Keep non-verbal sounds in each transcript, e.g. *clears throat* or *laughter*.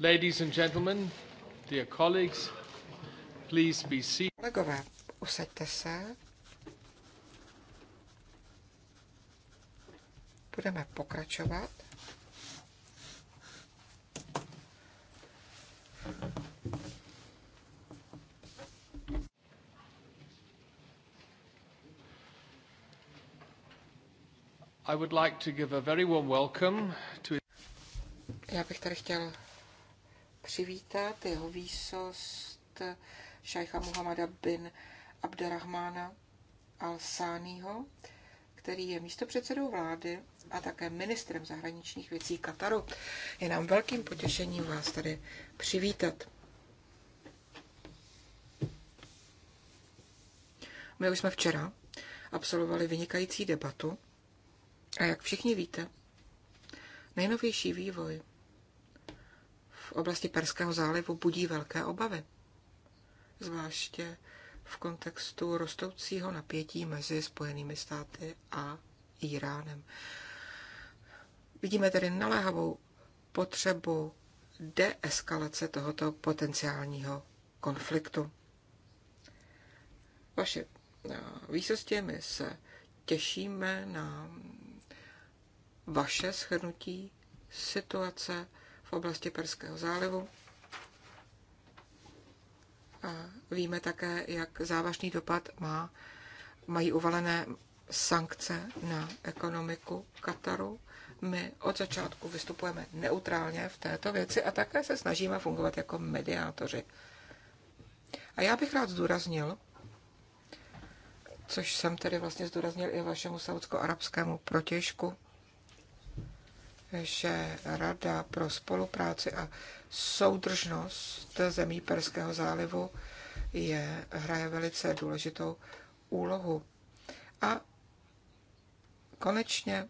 Ladies and gentlemen, dear colleagues, please be seated. Kolegové, usaďte se. Budeme pokračovat. I would like to give a very warm welcome to Já bych tady chtěl přivítat jeho výsost šajcha Muhammada bin Abderrahmana al-Sáního, který je místopředsedou vlády a také ministrem zahraničních věcí Kataru. Je nám velkým potěšením vás tady přivítat. My už jsme včera absolvovali vynikající debatu a jak všichni víte, nejnovější vývoj v oblasti Perského zálivu budí velké obavy. Zvláště v kontextu rostoucího napětí mezi Spojenými státy a Iránem. Vidíme tedy naléhavou potřebu deeskalace tohoto potenciálního konfliktu. Vaše eh, výsostě my se těšíme na vaše shrnutí situace v oblasti Perského zálivu. A víme také, jak závažný dopad má, mají uvalené sankce na ekonomiku Kataru. My od začátku vystupujeme neutrálně v této věci a také se snažíme fungovat jako mediátoři. A já bych rád zdůraznil, což jsem tedy vlastně zdůraznil i vašemu saudsko-arabskému protěžku, že Rada pro spolupráci a soudržnost zemí Perského zálivu je, hraje velice důležitou úlohu. A konečně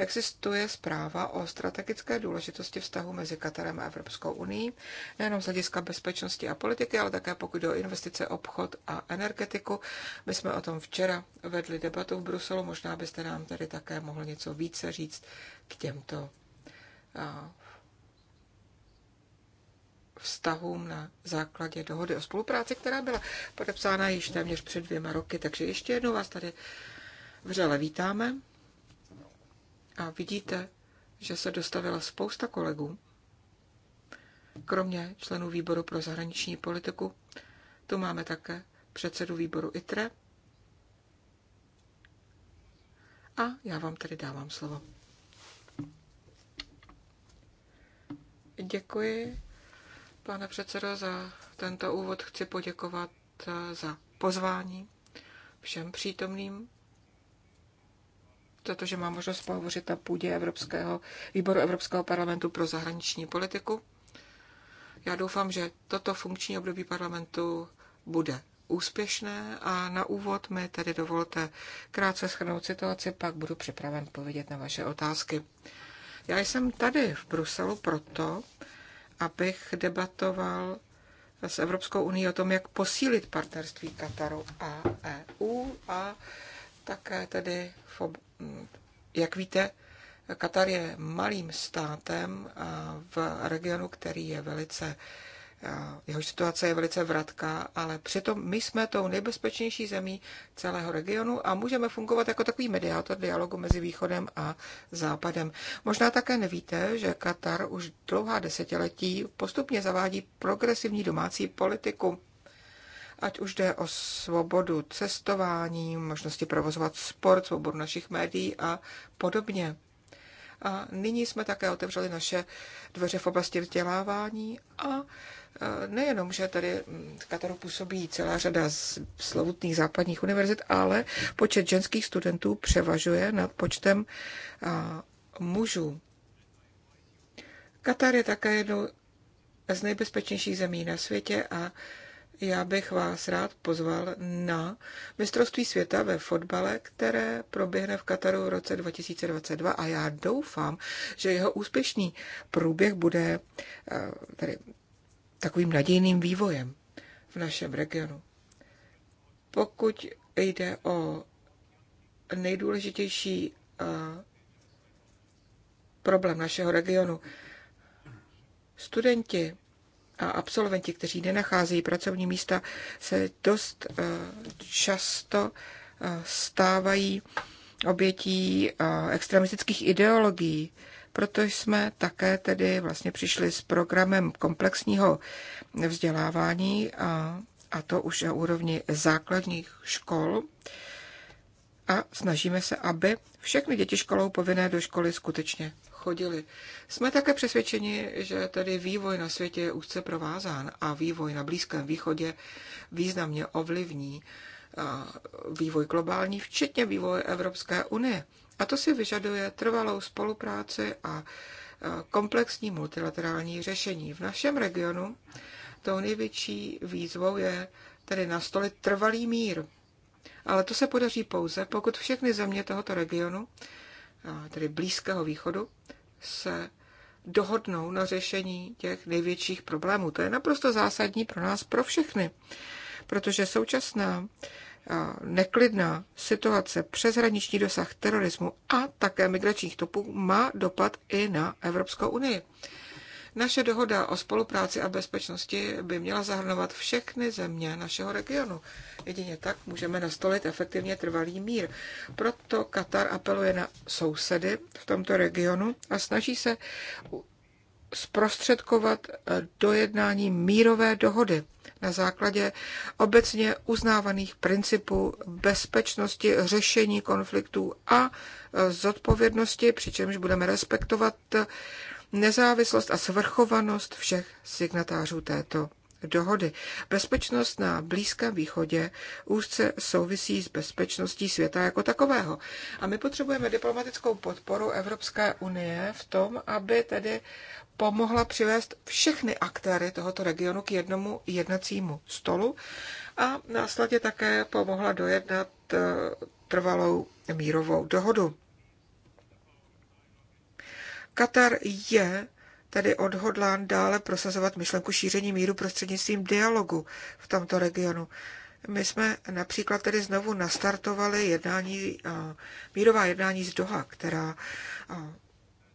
existuje zpráva o strategické důležitosti vztahu mezi Katarem a Evropskou unii, nejenom z hlediska bezpečnosti a politiky, ale také pokud jde o investice, obchod a energetiku. My jsme o tom včera vedli debatu v Bruselu, možná byste nám tady také mohl něco více říct k těmto vztahům na základě dohody o spolupráci, která byla podepsána již téměř před dvěma roky. Takže ještě jednou vás tady vřele vítáme. A vidíte, že se dostavila spousta kolegů, kromě členů výboru pro zahraniční politiku. Tu máme také předsedu výboru ITRE. A já vám tedy dávám slovo. Děkuji, pane předsedo, za tento úvod. Chci poděkovat eh, za pozvání všem přítomným za to, že mám možnost pohovořit na půdě Evropského, výboru Evropského parlamentu pro zahraniční politiku. Já doufám, že toto funkční období parlamentu bude úspěšné a na úvod mi tedy dovolte krátce schrnout situaci, pak budu připraven povědět na vaše otázky. Já jsem tady v Bruselu proto, abych debatoval s Evropskou unii o tom, jak posílit partnerství Kataru a EU a také tedy, jak víte, Katar je malým státem v regionu, který je velice, jeho situace je velice vratká, ale přitom my jsme tou nejbezpečnější zemí celého regionu a můžeme fungovat jako takový mediátor dialogu mezi východem a západem. Možná také nevíte, že Katar už dlouhá desetiletí postupně zavádí progresivní domácí politiku ať už jde o svobodu cestování, možnosti provozovat sport, svobodu našich médií a podobně. A nyní jsme také otevřeli naše dveře v oblasti vzdělávání a e, nejenom, že tady mm, v Kataru působí celá řada slovutných západních univerzit, ale počet ženských studentů převažuje nad počtem e, mužů. Katar je také jednou z nejbezpečnějších zemí na světě a já bych vás rád pozval na mistrovství světa ve fotbale, které proběhne v Kataru v roce 2022 a já doufám, že jeho úspěšný průběh bude eh, tady, takovým nadějným vývojem v našem regionu. Pokud jde o nejdůležitější eh, problém našeho regionu, studenti a absolventi, kteří nenacházejí pracovní místa, se dost eh, často eh, stávají obětí eh, extremistických ideologií. Proto jsme také tedy vlastně přišli s programem komplexního vzdělávání a, a to už na úrovni základních škol. A snažíme se, aby všechny děti školou povinné do školy skutečně chodili. Jsme také přesvědčeni, že tedy vývoj na světě je úzce provázán a vývoj na Blízkém východě významně ovlivní vývoj globální, včetně vývoje Evropské unie. A to si vyžaduje trvalou spolupráci a komplexní multilaterální řešení. V našem regionu tou největší výzvou je tedy nastolit trvalý mír. Ale to se podaří pouze, pokud všechny země tohoto regionu tedy Blízkého východu, se dohodnou na řešení těch největších problémů. To je naprosto zásadní pro nás, pro všechny, protože současná neklidná situace, přeshraniční dosah terorismu a také migračních topů má dopad i na Evropskou unii. Naše dohoda o spolupráci a bezpečnosti by měla zahrnovat všechny země našeho regionu. Jedině tak můžeme nastolit efektivně trvalý mír. Proto Katar apeluje na sousedy v tomto regionu a snaží se zprostředkovat eh, dojednání mírové dohody na základě obecně uznávaných principů bezpečnosti, řešení konfliktů a eh, zodpovědnosti, přičemž budeme respektovat eh, nezávislost a svrchovanost všech signatářů této dohody. Bezpečnost na Blízkém východě úzce souvisí s bezpečností světa jako takového. A my potřebujeme diplomatickou podporu Evropské unie v tom, aby tedy pomohla přivést všechny aktéry tohoto regionu k jednomu jednacímu stolu a následně také pomohla dojednat eh, trvalou mírovou dohodu. Katar je tedy odhodlán dále prosazovat myšlenku šíření míru prostřednictvím dialogu v tomto regionu. My jsme například tedy znovu nastartovali jednání, mírová jednání z Doha, která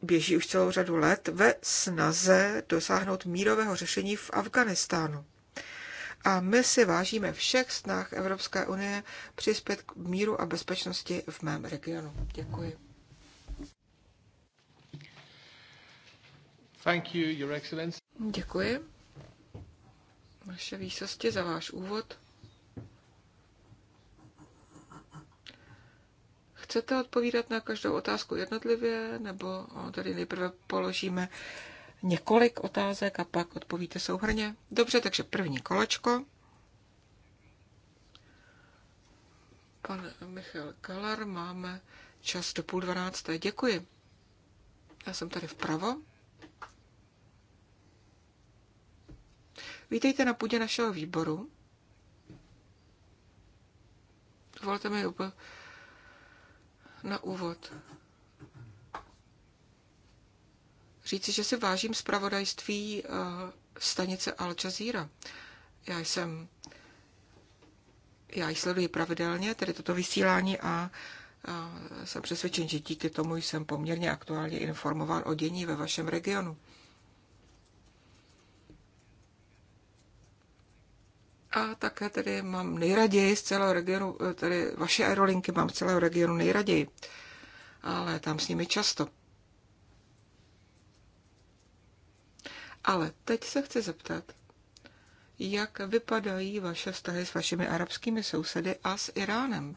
běží už celou řadu let ve snaze dosáhnout mírového řešení v Afganistánu. A my si vážíme všech snah Evropské unie přispět k míru a bezpečnosti v mém regionu. Děkuji. Thank you, Your Excellency. Děkuji, vaše výsosti, za váš úvod. Chcete odpovídat na každou otázku jednotlivě, nebo tady nejprve položíme několik otázek a pak odpovíte souhrně? Dobře, takže první kolečko. Pan Michal Kalar, máme čas do půl dvanácté. Děkuji. Já jsem tady vpravo. Vítejte na půdě našeho výboru. Dovolte mi úplně na úvod říci, že si vážím zpravodajství eh, stanice Al Jazeera. Já jsem, já ji sleduji pravidelně, tedy toto vysílání a eh, jsem přesvědčen, že díky tomu jsem poměrně aktuálně informován o dění ve vašem regionu. A také tedy mám nejraději z celého regionu, eh, tedy vaše aerolinky mám z celého regionu nejraději. Ale tam s nimi často. Ale teď se chci zeptat, jak vypadají vaše vztahy s vašimi arabskými sousedy a s Iránem?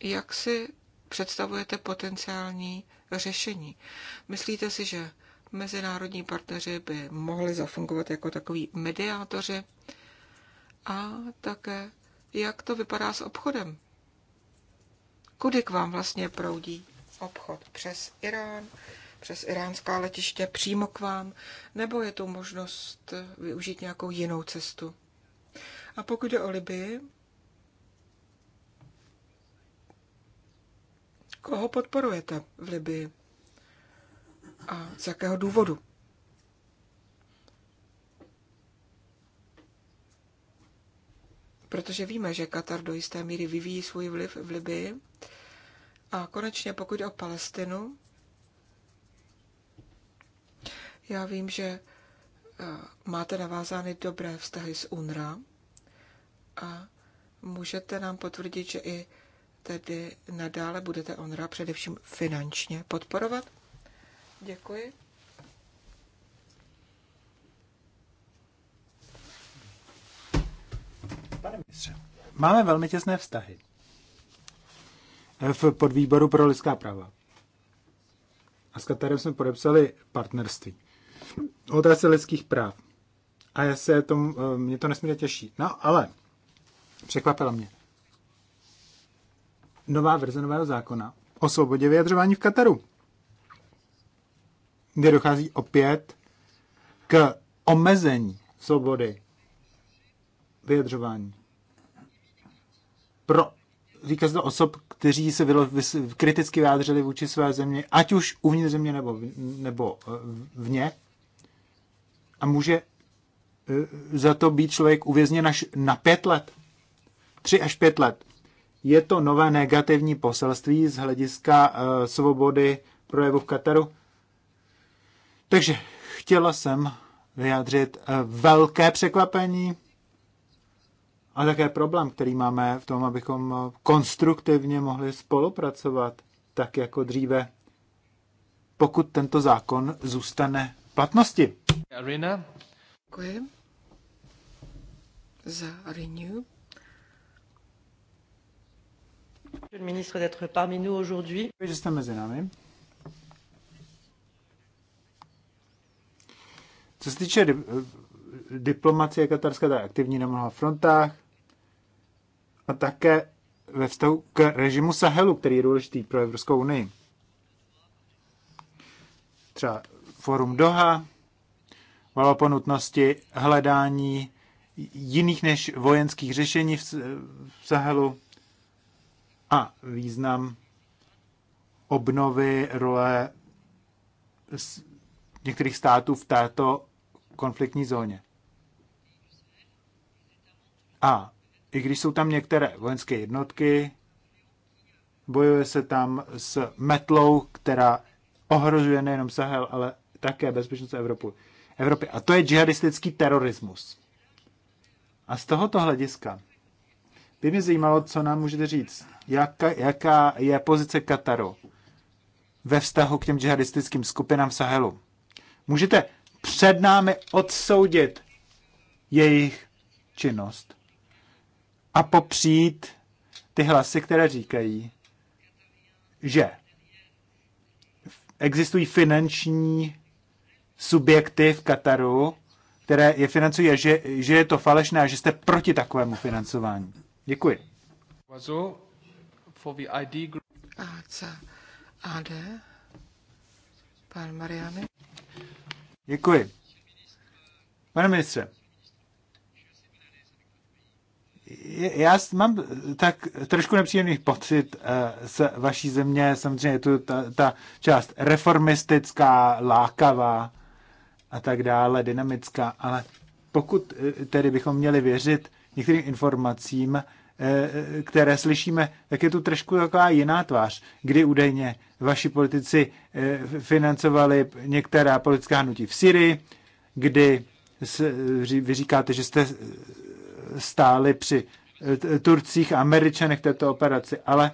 Jak si představujete potenciální řešení? Myslíte si, že mezinárodní partneři by mohli zafungovat jako takový mediátoři a také, jak to vypadá s obchodem. Kudy k vám vlastně proudí obchod? Přes Irán, přes iránská letiště, přímo k vám, nebo je tu možnost využít nějakou jinou cestu? A pokud jde o Libii, koho podporujete v Libii? a z jakého důvodu. Protože víme, že Katar do jisté míry vyvíjí svůj vliv v Libii. A konečně, pokud o Palestinu, já vím, že eh, máte navázány dobré vztahy s UNRA a můžete nám potvrdit, že i tedy nadále budete UNRA především finančně podporovat? Děkuji. Pane ministře, máme velmi těsné vztahy v podvýboru pro lidská práva. A s Katarem jsme podepsali partnerství o otázce lidských práv. A já se tomu, eh, mě to nesmírně těší. No, ale překvapila mě. Nová verze nového zákona o svobodě vyjadřování v Kataru kde dochází opět k omezení svobody vyjadřování. Pro, říká se to osob, kteří se vylo, vys, kriticky vyjádřili vůči své země, ať už uvnitř země nebo, nebo eh, vně. A může eh, za to být člověk uvězněn až na pět let. Tři až pět let. Je to nové negativní poselství z hlediska uh, svobody projevu v Kataru. Takže chtěla jsem vyjádřit eh, velké překvapení a také problém, který máme v tom, abychom eh, konstruktivně mohli spolupracovat, tak jako dříve, pokud tento zákon zůstane v platnosti. Arena. Děkuji za Renew. Monsieur le ministre d'être parmi nous aujourd'hui. Že jste mezi námi. Co se týče diplomacie katarské, tak aktivní na mnoha frontách a také ve vztahu k režimu Sahelu, který je důležitý pro Evropskou unii. Třeba Forum Doha volalo po nutnosti hledání jiných než vojenských řešení v Sahelu a význam obnovy role některých států v této konfliktní zóně. A i když jsou tam některé vojenské jednotky, bojuje se tam s metlou, která ohrožuje nejenom Sahel, ale také bezpečnost Evropu, Evropy. A to je džihadistický terorismus. A z tohoto hlediska by mě zajímalo, co nám můžete říct. Jaka, jaká je pozice Kataru ve vztahu k těm džihadistickým skupinám v Sahelu? Můžete před námi odsoudit jejich činnost a popřít ty hlasy, které říkají, že existují finanční subjekty v Kataru, které je financují že, že je to falešné a že jste proti takovému financování. Děkuji. AD? Pan Mariany? Děkuji. Pane ministře, já mám tak trošku nepříjemný pocit eh, z vaší země. Samozřejmě je tu ta, ta část reformistická, lákavá a tak dále, dynamická, ale pokud eh, tedy bychom měli věřit některým informacím, Eh, které slyšíme, tak je tu trošku taková jiná tvář, kdy údajně vaši politici eh, financovali některá politická hnutí v Syrii, kdy eh, vy říkáte, že jste stáli při Turcích a Američanech této operaci, ale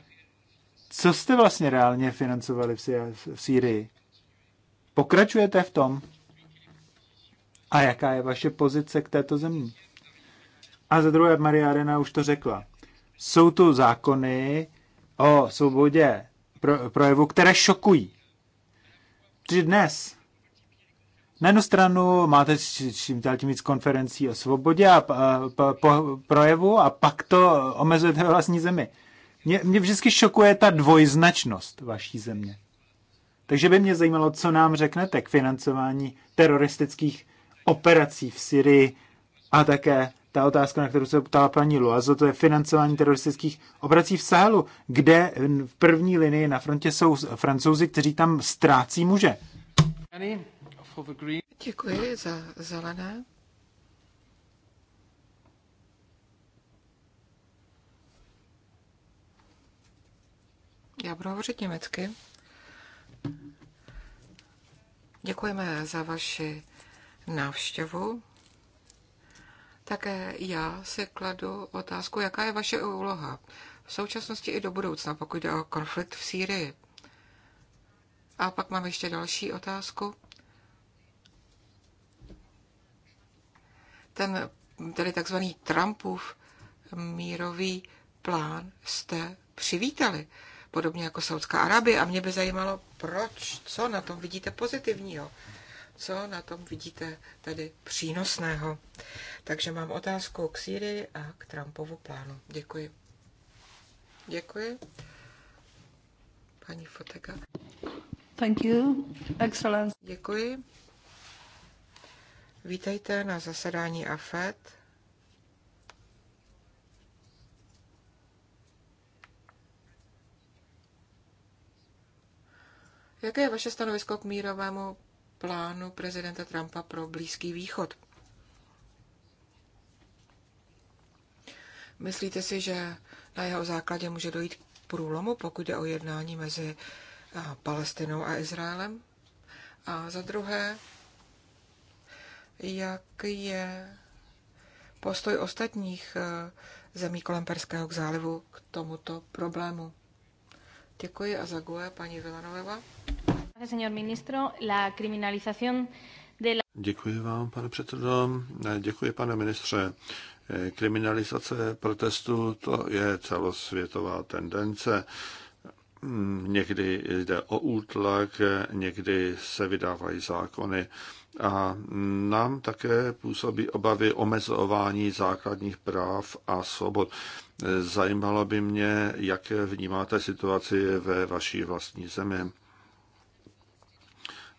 co jste vlastně reálně financovali v Syrii? Pokračujete v tom? A jaká je vaše pozice k této zemi? A za druhé, Maria Arena už to řekla. Jsou tu zákony o svobodě pro, projevu, které šokují. Protože dnes na jednu stranu máte čím dál tím víc konferencí o svobodě a po, po, projevu a pak to omezujete ve vlastní zemi. Mě, mě vždycky šokuje ta dvojznačnost vaší země. Takže by mě zajímalo, co nám řeknete k financování teroristických operací v Syrii a také ta otázka, na kterou se ptala paní Loazo, to je financování teroristických obrací v Sahelu, kde v první linii na frontě jsou francouzi, kteří tam ztrácí muže. Děkuji za zelené. Já budu hovořit německy. Děkujeme za vaši návštěvu. Také já si kladu otázku, jaká je vaše úloha v současnosti i do budoucna, pokud jde o konflikt v Sýrii. A pak mám ještě další otázku. Ten tedy takzvaný Trumpův mírový plán jste přivítali, podobně jako Saudská Arabie. A mě by zajímalo, proč, co na tom vidíte pozitivního co na tom vidíte tady přínosného. Takže mám otázku k Sýrii a k Trumpovu plánu. Děkuji. Děkuji. Paní Fotega. Thank you. Excellence. Děkuji. Vítejte na zasedání AFED. Jaké je vaše stanovisko k mírovému plánu prezidenta Trumpa pro Blízký východ. Myslíte si, že na jeho základě může dojít k průlomu, pokud je o jednání mezi Palestinou a Izraelem? A za druhé, jak je postoj ostatních e, zemí kolem Perského k zálivu k tomuto problému? Děkuji a zaguje paní Vilanoveva. Děkuji vám, pane předsedo. Děkuji, pane ministře. Eh, kriminalizace protestů to je celosvětová tendence. Mm, někdy jde o útlak, někdy se vydávají zákony a nám také působí obavy omezování základních práv a svobod. Eh, zajímalo by mě, jak vnímáte situaci ve vaší vlastní zemi.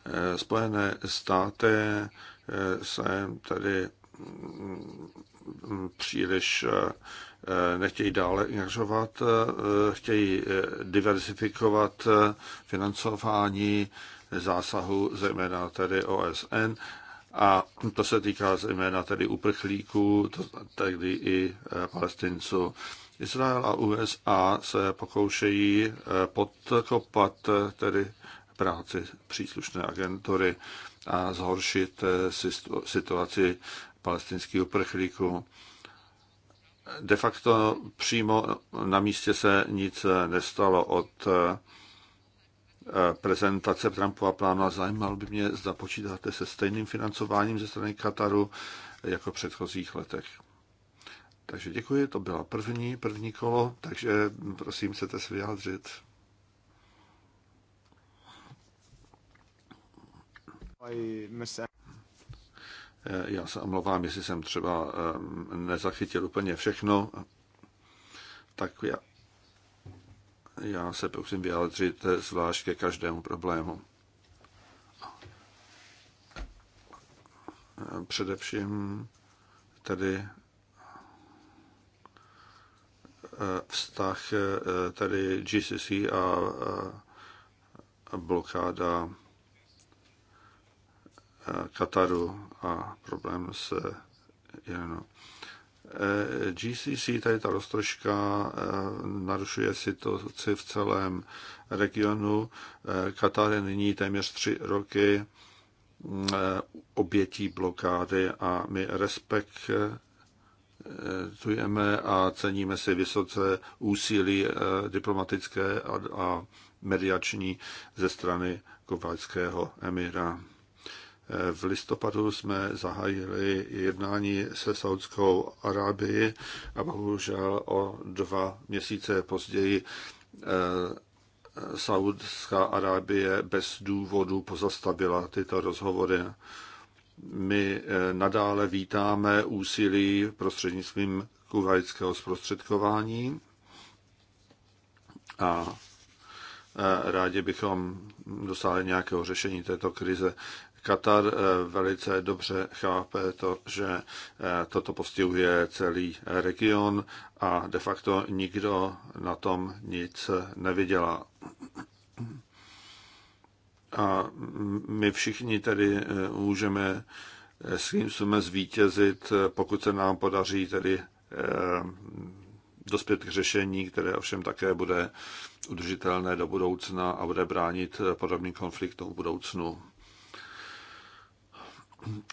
Eh, Spojené státy eh, se tady mm, příliš eh, nechtějí dále ingažovat, chtějí diversifikovat financování zásahu zejména tedy OSN a to se týká zejména tedy uprchlíků, tedy i palestinců. Izrael a USA se pokoušejí podkopat tedy práci příslušné agentury a zhoršit eh, situaci palestinských uprchlíků. De facto přímo na místě se nic eh, nestalo od eh, prezentace Trumpova plánu a zajímalo by mě, zda počítáte se stejným financováním ze strany Kataru jako v předchozích letech. Takže děkuji, to byla první, první kolo, takže prosím, chcete se vyjádřit. Eh, já se omlouvám, jestli jsem třeba ehm, nezachytil úplně všechno, tak já, já se prosím vyjádřit eh, zvlášť ke každému problému. Eh, především tedy vztah tedy GCC a blokáda Kataru a problém se Iránu. GCC, tady ta roztržka, eh, narušuje situaci v celém regionu. Eh, Katar je nyní téměř tři roky eh, obětí blokády a my respektujeme a ceníme si vysoce úsilí diplomatické a mediační ze strany kovajského emira. V listopadu jsme zahájili jednání se Saudskou Arábii a bohužel o dva měsíce později eh, Saudská Arábie bez důvodu pozastavila tyto rozhovory. My eh, nadále vítáme úsilí prostřednictvím kuvajského zprostředkování a eh, rádi bychom dosáhli nějakého řešení této krize. Katar eh, velice dobře chápe to, že eh, toto postihuje celý region a de facto nikdo na tom nic nevydělá. A my všichni tedy eh, můžeme s kým jsme zvítězit, pokud se nám podaří tedy dospět k řešení, které ovšem také bude udržitelné do budoucna a bude bránit podobným konfliktům v budoucnu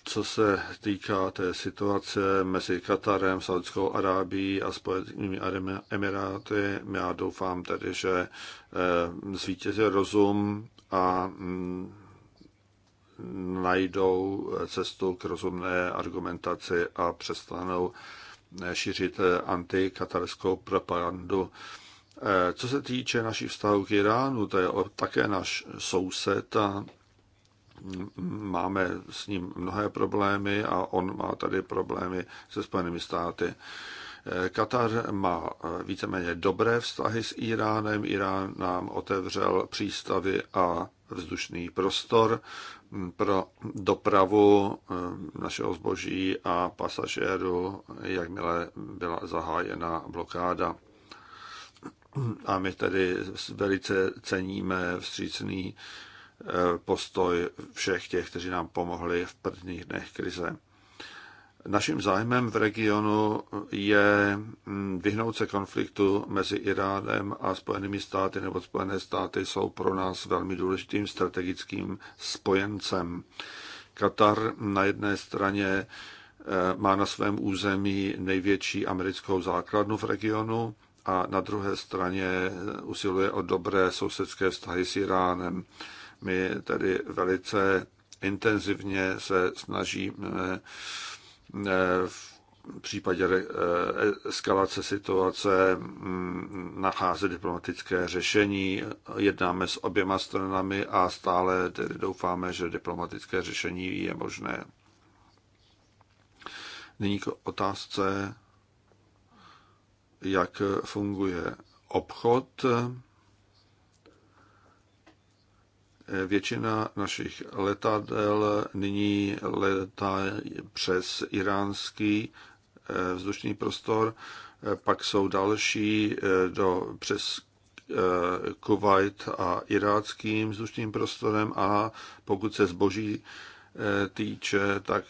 co se týká té situace mezi Katarem, Saudskou Arábií a Spojenými Emiráty, já doufám tedy, že eh, zvítězí rozum a mm, najdou cestu k rozumné argumentaci a přestanou eh, šířit eh, antikatarskou propagandu. Co se týče našich vztahů k Iránu, to je také náš soused a máme s ním mnohé problémy a on má tady problémy se Spojenými státy. Katar má víceméně dobré vztahy s Iránem. Irán nám otevřel přístavy a vzdušný prostor pro dopravu eh, našeho zboží a pasažérů, jakmile byla zahájena blokáda. A my tedy velice ceníme vstřícný Eh, postoj všech těch, kteří nám pomohli v prvních dnech krize. Naším zájmem v regionu je mm, vyhnout se konfliktu mezi Iránem a Spojenými státy, nebo Spojené státy jsou pro nás velmi důležitým strategickým spojencem. Katar na jedné straně eh, má na svém území největší americkou základnu v regionu a na druhé straně eh, usiluje o dobré sousedské vztahy s Iránem. My tady velice intenzivně se snažíme eh, v případě eh, eskalace situace mm, nacházet diplomatické řešení. Jednáme s oběma stranami a stále tedy doufáme, že diplomatické řešení je možné. Nyní k otázce, jak funguje obchod Většina našich letadel nyní letá přes iránský eh, vzdušný prostor, eh, pak jsou další eh, do, přes Kuwait a iráckým vzdušným prostorem a pokud se zboží týče, tak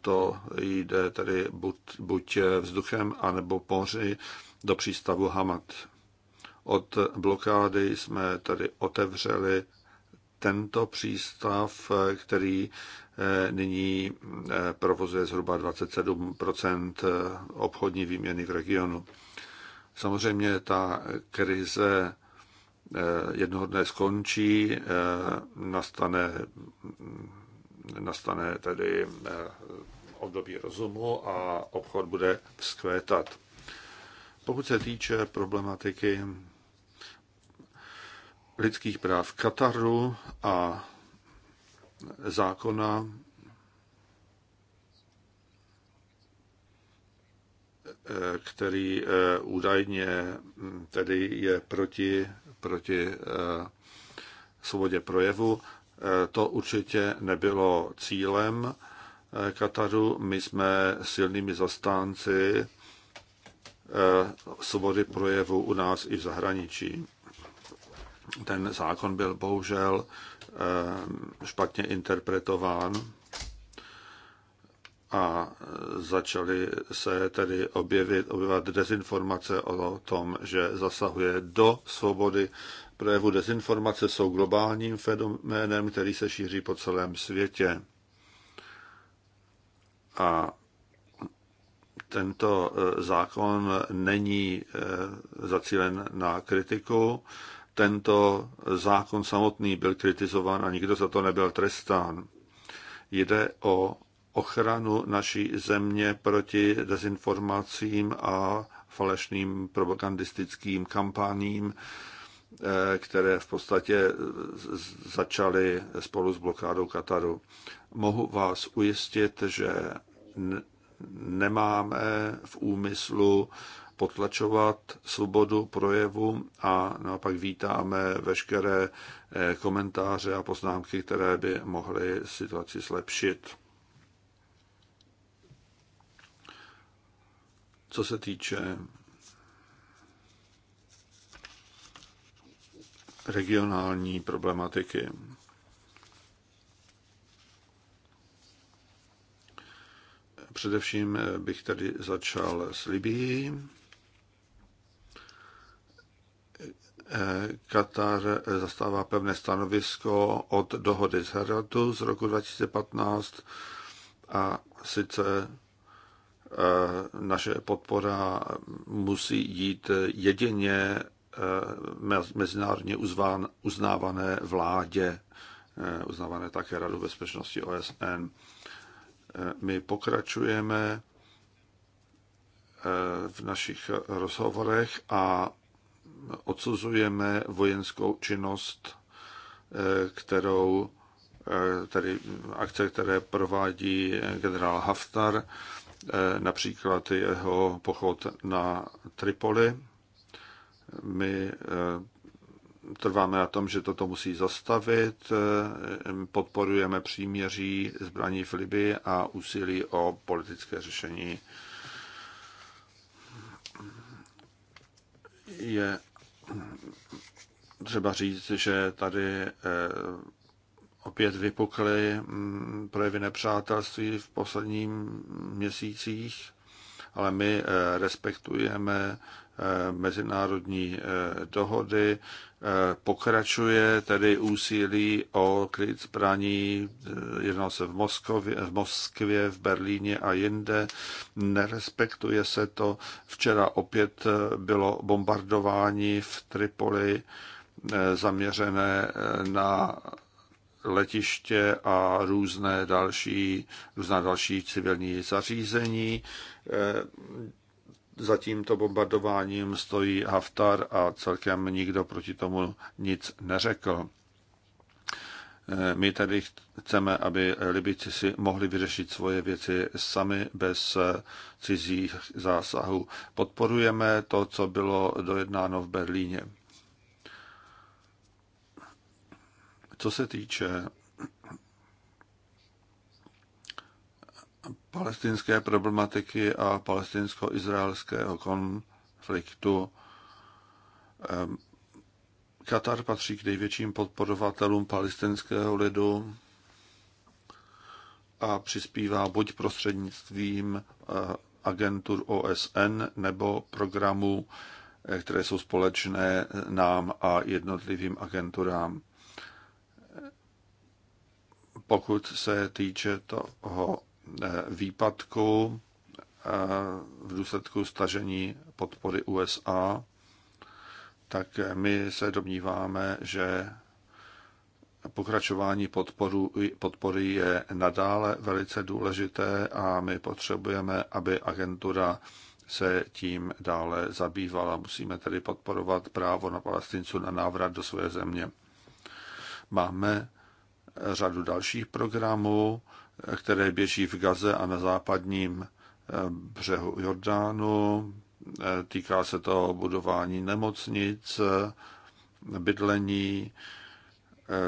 to jde tedy buď, buď vzduchem, anebo poři do přístavu Hamad. Od blokády jsme tedy otevřeli tento přístav, který eh, nyní eh, provozuje zhruba 27 eh, obchodní výměny v regionu. Samozřejmě ta krize jednoho dne skončí, nastane, nastane tedy období rozumu a obchod bude vzkvétat. Pokud se týče problematiky lidských práv Kataru a zákona který eh, údajně hm, tedy je proti, proti eh, svobodě projevu. Eh, to určitě nebylo cílem Kataru. My jsme silnými zastánci svobody projevu u nás i v zahraničí ten zákon byl bohužel eh, špatně interpretován a začaly se tedy objevit, objevat dezinformace o tom, že zasahuje do svobody projevu. Dezinformace jsou globálním fenoménem, který se šíří po celém světě. A tento eh, zákon není eh, zacílen na kritiku, tento zákon samotný byl kritizován a nikdo za to nebyl trestán. Jde o ochranu naší země proti dezinformacím a falešným propagandistickým kampaním, eh, které v podstatě začaly spolu s blokádou Kataru. Mohu vás ujistit, že nemáme v úmyslu potlačovat svobodu projevu a naopak vítáme veškeré eh, komentáře a poznámky, které by mohly situaci zlepšit. Co se týče regionální problematiky, Především bych tady začal s Libií. Katar zastává pevné stanovisko od dohody z Heratu z roku 2015 a sice eh, naše podpora musí jít jedině eh, mezinárodně uznávané vládě, eh, uznávané také Radu bezpečnosti OSN. My pokračujeme v našich rozhovorech a odsuzujeme vojenskou činnost, eh, kterou eh, tedy akce, které provádí generál Haftar, eh, například jeho pochod na Tripoli. My trváme na tom, že toto musí zastavit, podporujeme příměří zbraní v Libii a úsilí o politické řešení. Je třeba říct, že tady eh, opět vypukly mm, projevy nepřátelství v posledních měsících, ale my eh, respektujeme eh, mezinárodní dohody, pokračuje tedy úsilí o klid zbraní, eh, jednalo se v, Moskově, v Moskvě, v Berlíně a jinde, nerespektuje se to. Včera opět eh, bylo bombardování v Tripoli eh, zaměřené na letiště a různé další, různá další civilní zařízení za tímto bombardováním stojí Haftar a celkem nikdo proti tomu nic neřekl. My tedy chceme, aby Libici si mohli vyřešit svoje věci sami bez cizích zásahů. Podporujeme to, co bylo dojednáno v Berlíně. Co se týče palestinské problematiky a palestinsko-izraelského konfliktu. Ehm, Katar patří k největším podporovatelům palestinského lidu a přispívá buď prostřednictvím eh, agentur OSN nebo programů, eh, které jsou společné nám a jednotlivým agenturám. Pokud se týče toho Eh, výpadku eh, v důsledku stažení podpory USA, tak eh, my se domníváme, že pokračování podporu, podpory je nadále velice důležité a my potřebujeme, aby agentura se tím dále zabývala. Musíme tedy podporovat právo na palestinců na návrat do své země. Máme řadu dalších programů, které běží v Gaze a na západním eh, břehu Jordánu. Eh, týká se to budování nemocnic, eh, bydlení,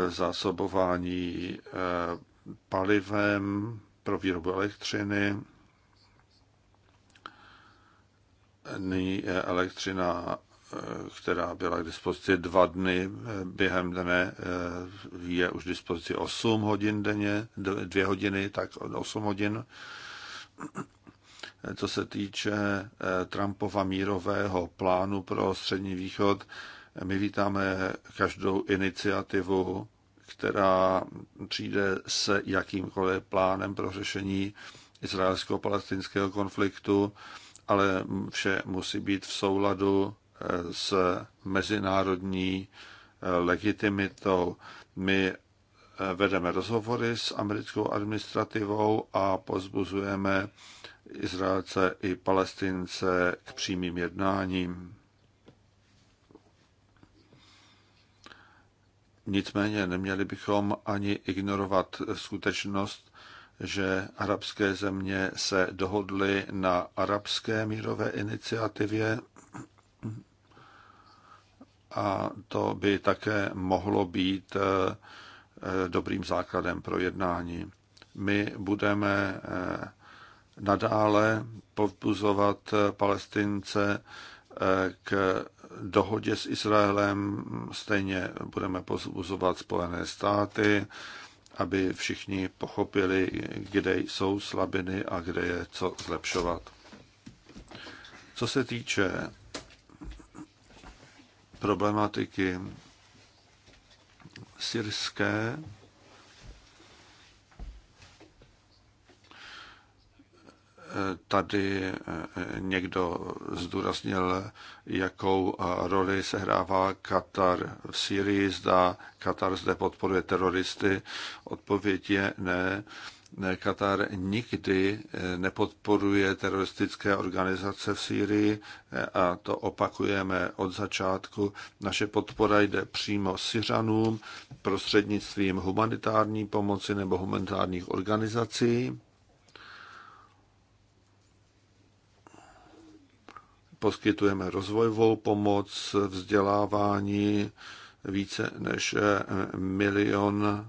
zásobování palivem pro výrobu elektřiny. Nyní je elektřina Eh, která byla k dispozici dva dny eh, během dne, eh, je už k dispozici 8 hodin denně, dvě hodiny, tak 8 hodin. Co se týče Trumpova mírového plánu pro Střední východ, my vítáme každou iniciativu, která přijde s jakýmkoliv plánem pro řešení izraelsko-palestinského konfliktu, ale vše musí být v souladu s mezinárodní eh, legitimitou. My eh, vedeme rozhovory s americkou administrativou a pozbuzujeme Izraelce i Palestince k přímým jednáním. Nicméně neměli bychom ani ignorovat skutečnost, že arabské země se dohodly na arabské mírové iniciativě a to by také mohlo být eh, eh, dobrým základem pro jednání. My budeme eh, nadále povzbuzovat Palestince k dohodě s Izraelem, stejně budeme povzbuzovat Spojené státy, aby všichni pochopili, kde jsou slabiny a kde je co zlepšovat. Co se týče problematiky syrské tady eh, někdo zdůraznil, jakou roli sehrává Katar v Syrii. Zda Katar zde podporuje teroristy. Odpověď je ne. Katar nikdy eh, nepodporuje teroristické organizace v Sýrii eh, a to opakujeme od začátku. Naše podpora jde přímo Syřanům prostřednictvím humanitární pomoci nebo humanitárních organizací. Poskytujeme rozvojovou pomoc, vzdělávání více než eh, milion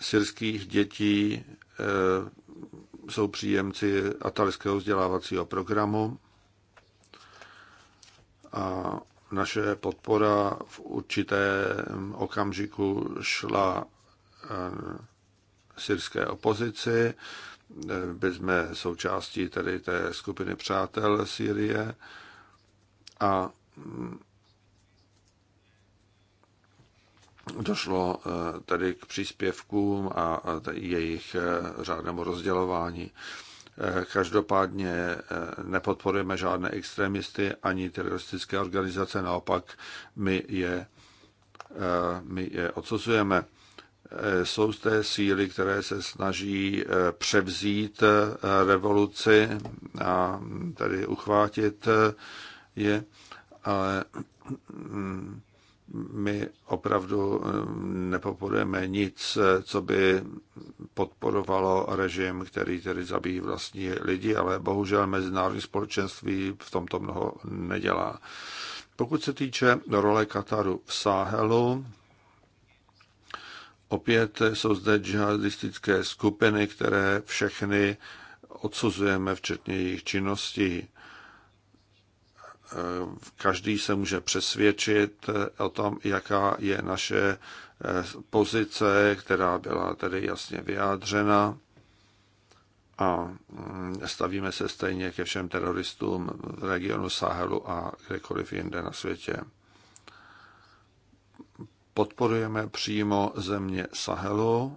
syrských dětí eh, jsou příjemci atalského vzdělávacího programu a naše podpora v určitém okamžiku šla eh, syrské opozici. Eh, by jsme součástí tedy té skupiny přátel Syrie a mm, došlo eh, tedy k příspěvkům a jejich eh, řádnému rozdělování. Eh, každopádně nepodporujeme žádné extremisty ani teroristické organizace, naopak my je, my je odsuzujeme. Jsou zde síly, které se snaží převzít revoluci a tedy uchvátit je, ale mm, my opravdu eh, nepopodujeme nic, eh, co by podporovalo režim, který tedy zabíjí vlastní lidi, ale bohužel mezinárodní společenství v tomto mnoho nedělá. Pokud se týče role Kataru v Sáhelu, opět jsou zde džihadistické skupiny, které všechny odsuzujeme, včetně jejich činností každý se může přesvědčit o tom, jaká je naše eh, pozice, která byla tedy jasně vyjádřena a mm, stavíme se stejně ke všem teroristům v regionu Sahelu a kdekoliv jinde na světě. Podporujeme přímo země Sahelu,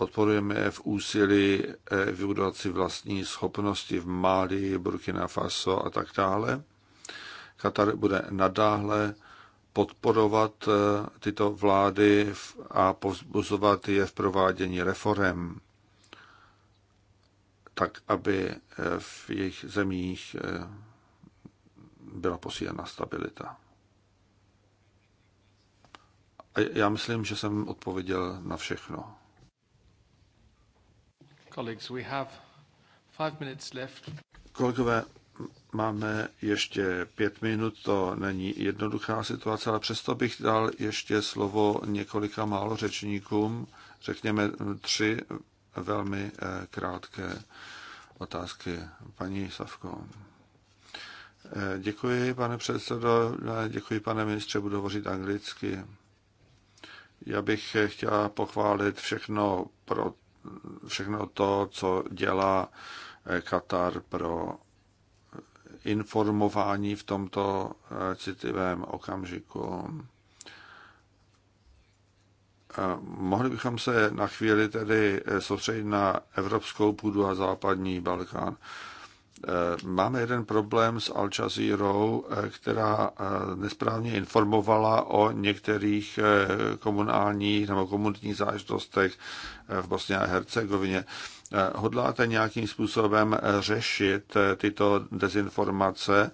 podporujeme v úsilí eh, vybudovat si vlastní schopnosti v Mali, Burkina Faso a tak dále. Katar bude nadále podporovat eh, tyto vlády a povzbuzovat je v provádění reform, tak aby eh, v jejich zemích byla posílena stabilita. A já myslím, že jsem odpověděl na všechno. Colleagues, we have five minutes left. Kolegové, máme ještě pět minut, to není jednoduchá situace, ale přesto bych dal ještě slovo několika málo řečníkům, řekněme tři velmi eh, krátké otázky. Paní Savko. Eh, děkuji, pane předsedo, eh, děkuji, pane ministře, budu hovořit anglicky. Já bych chtěla pochválit všechno pro všechno to, co dělá eh, Katar pro informování v tomto eh, citlivém okamžiku. Eh, mohli bychom se na chvíli tedy soustředit na evropskou půdu a západní Balkán. Eh, máme jeden problém s Al Jazeera, eh, která eh, nesprávně informovala o některých komunálních nebo komunitních záležitostech v Bosně a Hercegovině. Hodláte nějakým způsobem řešit tyto dezinformace,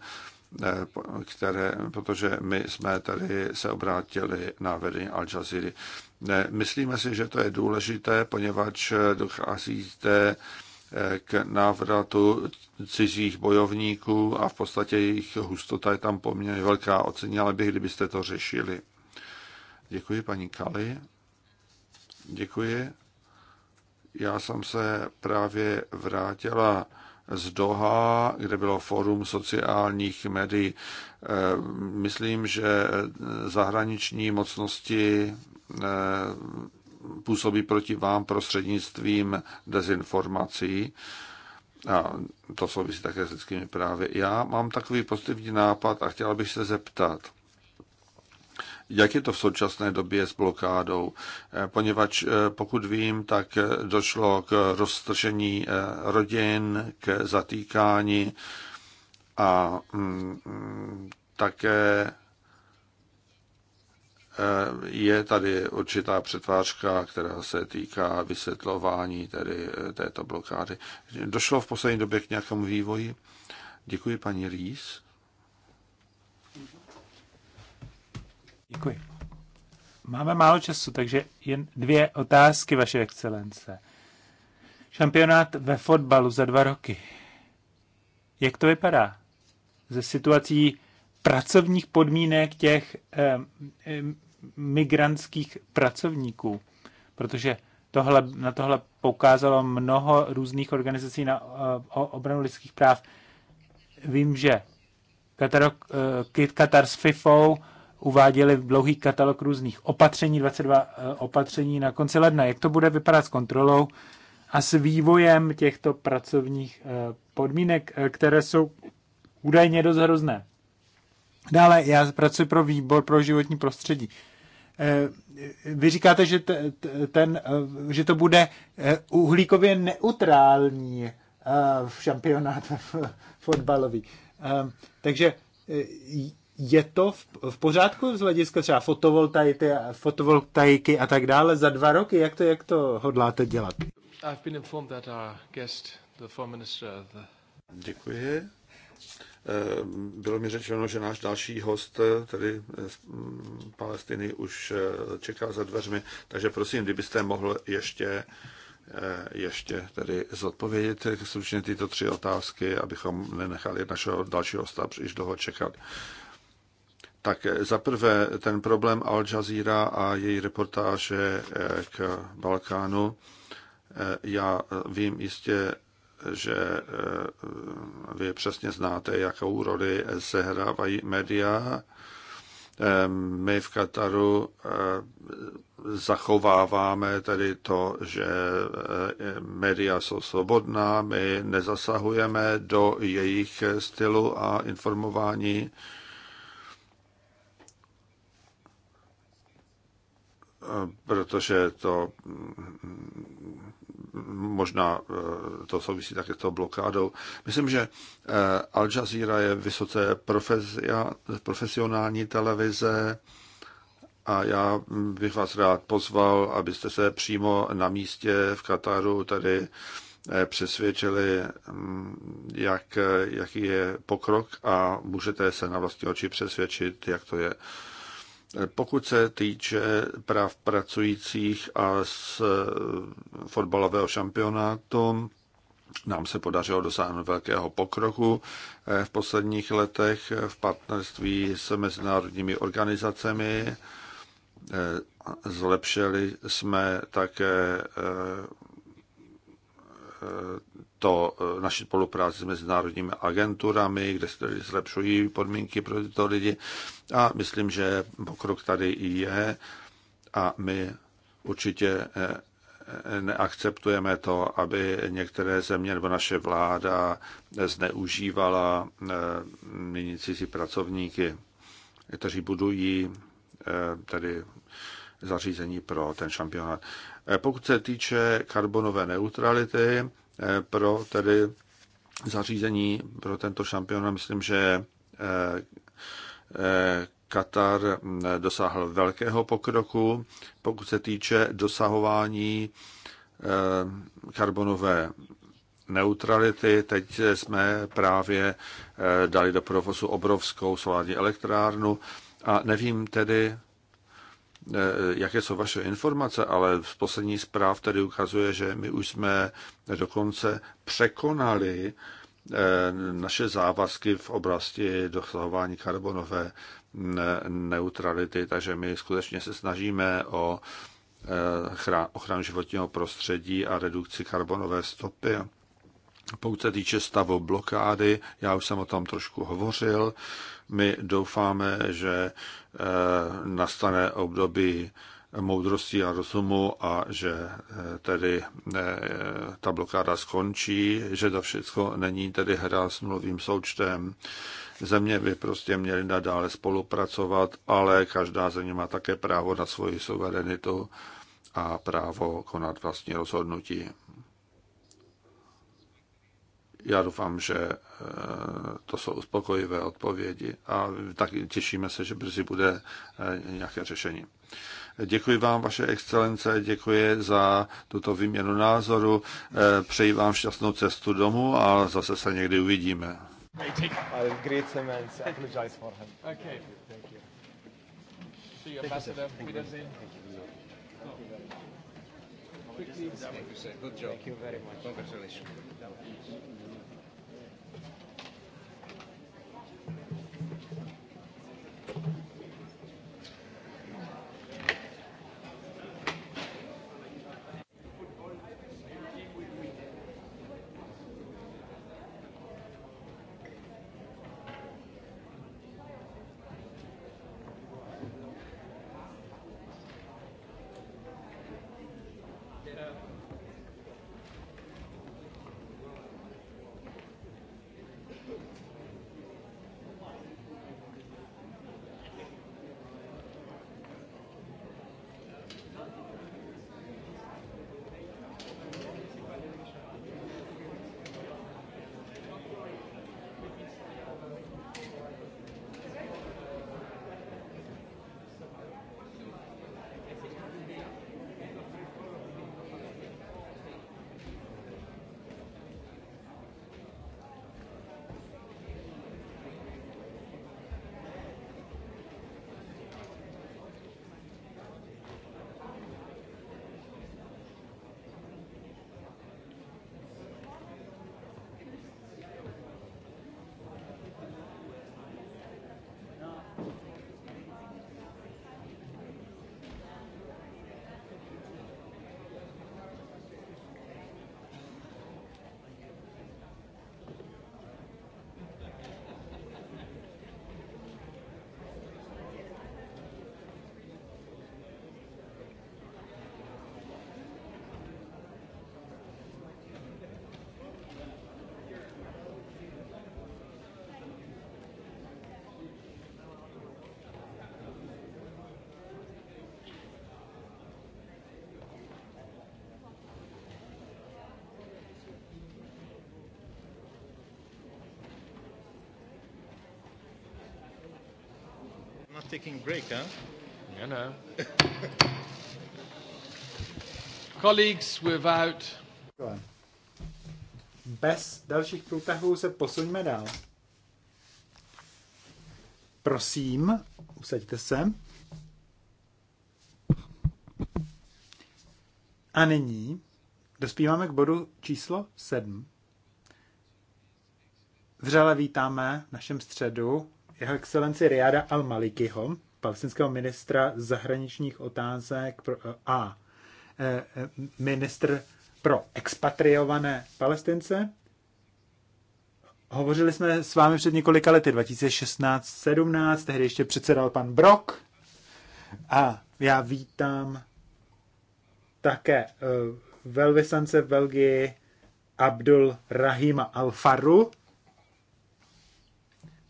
které, protože my jsme tady se obrátili na vedení Al Jazeera. Myslíme si, že to je důležité, poněvadž dochází zde k návratu cizích bojovníků a v podstatě jejich hustota je tam poměrně velká. Ocenila bych, kdybyste to řešili. Děkuji paní Kali. Děkuji. Já jsem se právě vrátila z Doha, kde bylo forum sociálních médií. Myslím, že zahraniční mocnosti eh, působí proti vám prostřednictvím dezinformací, a to souvisí také s lidskými právy. Já mám takový pozitivní nápad a chtěla bych se zeptat, jak je to v současné době s blokádou, eh, poněvadž eh, pokud vím, tak eh, došlo k roztržení rodin, k zatýkání a mm, mm, také je tady určitá přetvářka, která se týká vysvětlování tedy eh, této blokády. Došlo v poslední době k nějakému vývoji? Děkuji, paní Rýs. Děkuji. Máme málo času, takže jen dvě otázky, vaše excelence. Šampionát ve fotbalu za dva roky. Jak to vypadá? Ze situací pracovních podmínek těch eh, migrantských pracovníků, protože tohle, na tohle poukázalo mnoho různých organizací na eh, o, obranu lidských práv. Vím, že katar eh, Katar s FIFO uváděli dlouhý katalog různých opatření, 22 eh, opatření na konci ledna. Jak to bude vypadat s kontrolou a s vývojem těchto pracovních podmínek, které jsou údajně dost hrozné. Dále já pracuji pro výbor pro životní prostředí. Eh, vy říkáte, že, ten, eh, že to bude eh, uhlíkově neutrální v šampionát *laughs* fotbalový. Ehm, takže je to v, v pořádku z hlediska třeba fotovoltaiky, fotovoltaiky a tak dále za dva roky? Jak to, jak to hodláte dělat? I've been informed that our guest, the the... Děkuji. Eh, bylo mi řečeno, že náš další host, eh, tedy eh, z mm, Palestiny, už čeká za dveřmi, takže prosím, kdybyste mohl ještě ještě tedy zodpovědět slušně tyto tři otázky, abychom nenechali našeho dalšího hosta příliš dlouho čekat. Tak za prvé ten problém Al Jazeera a její reportáže k Balkánu. Já vím jistě, že eh, vy přesně znáte, jakou roli sehrávají média. Eh, my v Kataru eh, zachováváme tedy to, že média jsou svobodná, my nezasahujeme do jejich stylu a informování. protože to možná eh, to souvisí také s tou blokádou. Myslím, že eh, Al Jazeera je vysoce profesia, profesionální televize a já bych vás rád pozval, abyste se přímo na místě v Kataru tady eh, přesvědčili, hm, jak, jaký je pokrok a můžete se na vlastní oči přesvědčit, jak to je. Pokud se týče práv pracujících a z eh, fotbalového šampionátu, nám se podařilo dosáhnout velkého pokroku eh, v posledních letech v partnerství s mezinárodními organizacemi. Eh, zlepšili jsme také to eh, naši spolupráci s mezinárodními agenturami, kde se tady zlepšují podmínky pro tyto lidi. A myslím, že pokrok tady je a my určitě eh, neakceptujeme to, aby některé země nebo naše vláda zneužívala eh, měnící si pracovníky, kteří budují tady zařízení pro ten šampionát. Pokud se týče karbonové neutrality, Eh, pro tedy zařízení pro tento šampion. Myslím, že eh, eh, Katar hm, dosáhl velkého pokroku, pokud se týče dosahování karbonové neutrality. Teď jsme právě dali do provozu obrovskou solární elektrárnu a nevím tedy, Eh, jaké jsou vaše informace, ale z poslední zpráv tady ukazuje, že my už jsme dokonce překonali eh, naše závazky v oblasti dosahování karbonové eh, neutrality, takže my skutečně se snažíme o ochranu životního prostředí a redukci karbonové stopy. Pokud se týče stavu blokády, já už jsem o tom trošku hovořil. My doufáme, že eh, nastane období moudrosti a rozumu a že eh, tedy eh, ta blokáda skončí, že to všechno není tedy hra s nulovým součtem. Země by prostě měly nadále spolupracovat, ale každá země má také právo na svoji suverenitu a právo konat vlastní rozhodnutí. Já doufám, že eh, to jsou uspokojivé odpovědi a tak těšíme se, že brzy bude eh, nějaké řešení. Děkuji vám, vaše excelence, děkuji za tuto výměnu názoru, eh, přeji vám šťastnou cestu domů a zase se někdy uvidíme. Quickly. Oh. Good job. Thank you very much. Congratulations. taking break, huh? Yeah, no. *laughs* Colleagues, without... Bez dalších průtahů se posuňme dál. Prosím, usaďte se. A nyní dospíváme k bodu číslo 7. Vřele vítáme v našem středu jeho excelenci Riada al-Malikiho, palestinského ministra zahraničních otázek pro, eh, a eh, ministr pro expatriované palestince. Hovořili jsme s vámi před několika lety, 2016-17, tehdy ještě předsedal pan Brok. A já vítám také eh, velvyslance v Belgii Abdul Rahima Al-Faru,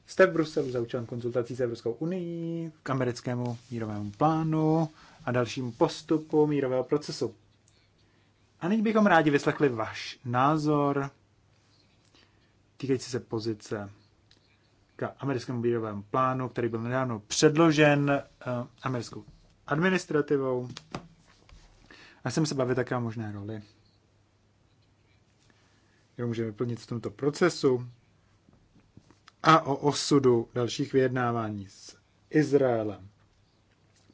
Jste v Bruselu za účelem konzultací s Evropskou unii k americkému mírovému plánu a dalšímu postupu mírového procesu. A nyní bychom rádi vyslechli váš názor týkající se pozice k americkému mírovému plánu, který byl nedávno předložen eh, americkou administrativou. A jsem se bavit také o možné roli kterou můžeme plnit v tomto procesu a o osudu dalších vyjednávání s Izraelem.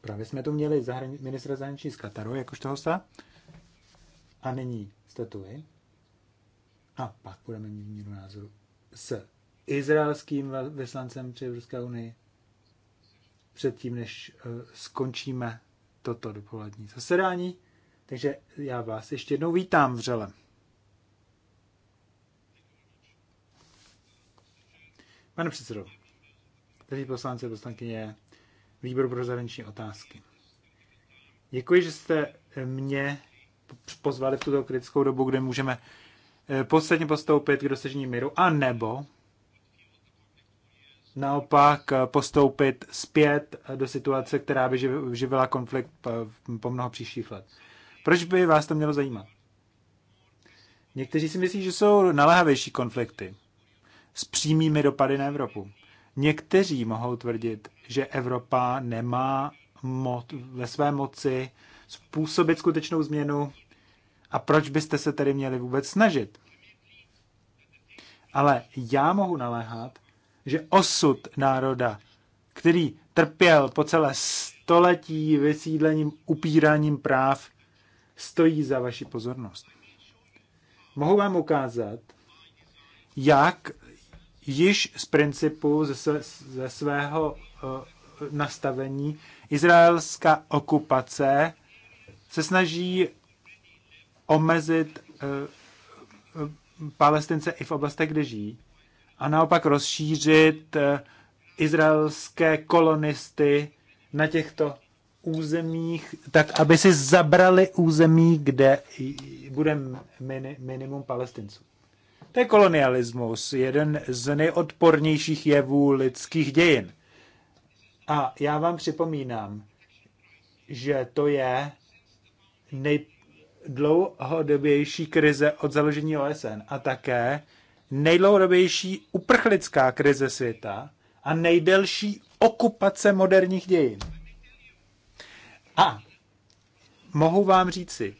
Právě jsme tu měli zahrani- ministra zahraničí z Kataru, toho hosta. A nyní jste tu vy. A pak budeme mít výměnu názoru s izraelským vyslancem při Evropské unii předtím, než eh, skončíme toto dopolední zasedání. Takže já vás ještě jednou vítám vřelem. Pane předsedo, Tady poslanci a poslankyně Výboru pro zahraniční otázky. Děkuji, že jste mě pozvali v tuto kritickou dobu, kde můžeme eh, posledně postoupit k dosažení míru, a nebo naopak eh, postoupit zpět do situace, která by živila konflikt eh, po mnoho příštích let. Proč by vás to mělo zajímat? Někteří si myslí, že jsou naléhavější konflikty s přímými dopady na Evropu. Někteří mohou tvrdit, že Evropa nemá mo- ve své moci způsobit skutečnou změnu a proč byste se tedy měli vůbec snažit? Ale já mohu naléhat, že osud národa, který trpěl po celé století vysídlením, upíráním práv, stojí za vaši pozornost. Mohu vám ukázat, jak již z principu ze, ze svého eh, nastavení izraelská okupace se snaží omezit eh, eh, palestince i v oblastech, kde žijí, a naopak rozšířit izraelské kolonisty na těchto územích, tak aby si zabrali území, kde bude minimum palestinců. To je kolonialismus, jeden z nejodpornějších jevů lidských dějin. A já vám připomínám, že to je nejdlouhodobější krize od založení OSN a také nejdlouhodobější uprchlická krize světa a nejdelší okupace moderních dějin. A mohu vám říci,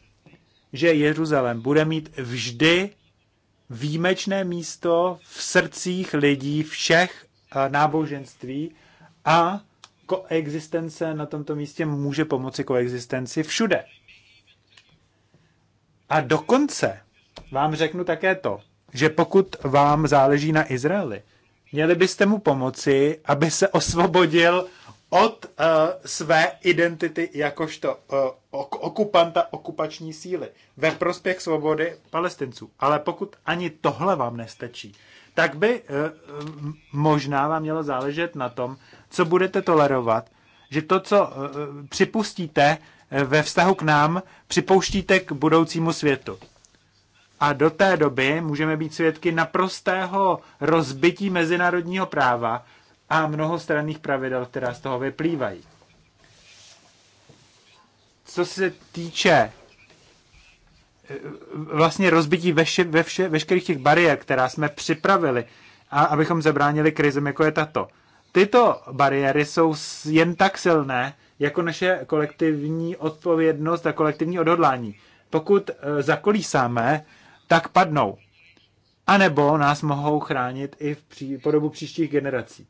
že Jeruzalém bude mít vždy výjimečné místo v srdcích lidí všech eh, náboženství a koexistence na tomto místě může pomoci koexistenci všude. A dokonce vám řeknu také to, že pokud vám záleží na Izraeli, měli byste mu pomoci, aby se osvobodil od uh, své identity jakožto uh, okupanta okupační síly ve prospěch svobody palestinců. Ale pokud ani tohle vám nestačí, tak by uh, možná vám mělo záležet na tom, co budete tolerovat, že to, co uh, připustíte ve vztahu k nám, připouštíte k budoucímu světu. A do té doby můžeme být svědky naprostého rozbití mezinárodního práva, a mnohostranných pravidel, která z toho vyplývají. Co se týče eh, vlastně rozbití ve, ve vše, veškerých těch bariér, která jsme připravili, a abychom zabránili krizem, jako je tato. Tyto bariéry jsou jen tak silné, jako naše kolektivní odpovědnost a kolektivní odhodlání. Pokud eh, zakolísáme, tak padnou. A nebo nás mohou chránit i v pří, příštích generací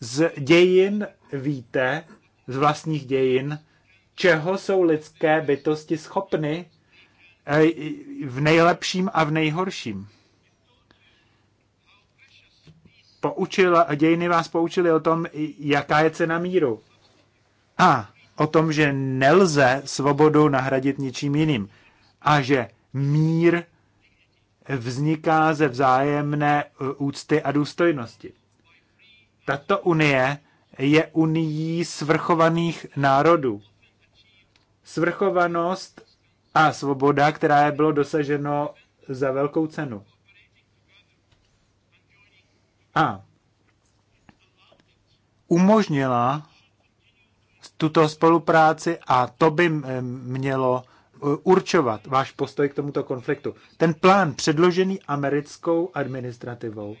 z dějin víte, z vlastních dějin, čeho jsou lidské bytosti schopny eh, v nejlepším a v nejhorším. Poučila, dějiny vás poučily o tom, jaká je cena míru. A o tom, že nelze svobodu nahradit ničím jiným. A že mír vzniká ze vzájemné eh, úcty a důstojnosti. Tato unie je unií svrchovaných národů. Svrchovanost a svoboda, která je bylo dosaženo za velkou cenu. A umožnila tuto spolupráci a to by eh, mělo eh, určovat váš postoj k tomuto konfliktu. Ten plán předložený americkou administrativou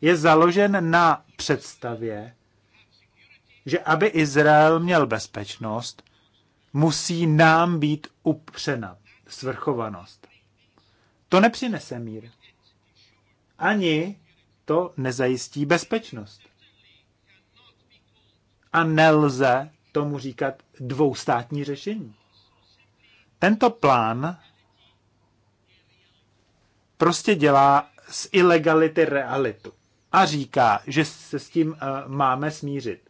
je založen na představě, že aby Izrael měl bezpečnost, musí nám být upřena svrchovanost. To nepřinese mír. Ani to nezajistí bezpečnost. A nelze tomu říkat dvoustátní řešení. Tento plán prostě dělá z ilegality realitu a říká, že se s tím eh, máme smířit.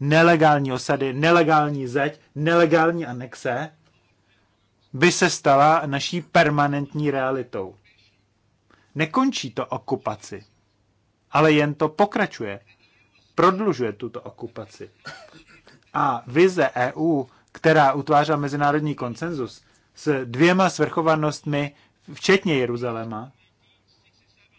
Nelegální osady, nelegální zeď, nelegální anexe by se stala naší permanentní realitou. Nekončí to okupaci, ale jen to pokračuje, prodlužuje tuto okupaci. A vize EU, která utvářela mezinárodní konsenzus s dvěma svrchovanostmi, včetně Jeruzaléma,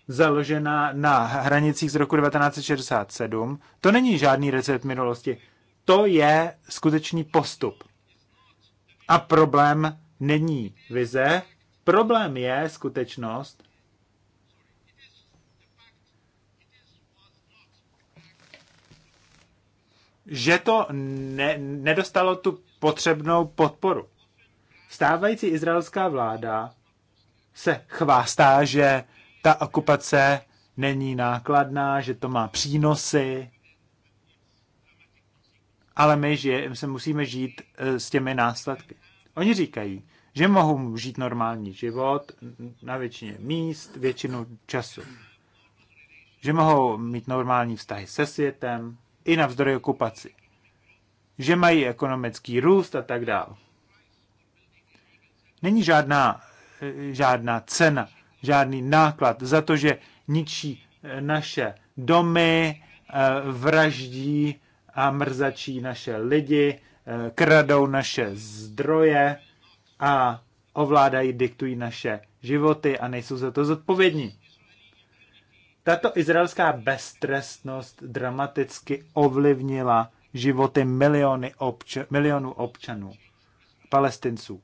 založená na hranicích z roku 1967. To není žádný recept minulosti. To je skutečný postup. A problém není vize, problém je skutečnost, že to ne, nedostalo tu potřebnou podporu. Stávající izraelská vláda se chvástá, že ta okupace není nákladná, že to má přínosy, ale my žije, se musíme žít eh, s těmi následky. Oni říkají, že mohou žít normální život na většině míst, většinu času. Že mohou mít normální vztahy se světem i navzdory okupaci. Že mají ekonomický růst a tak dále. Není žádná, eh, žádná cena žádný náklad za to, že ničí eh, naše domy, eh, vraždí a mrzačí naše lidi, eh, kradou naše zdroje a ovládají, diktují naše životy a nejsou za to zodpovědní. Tato izraelská beztrestnost dramaticky ovlivnila životy miliony obč- milionů občanů, palestinců.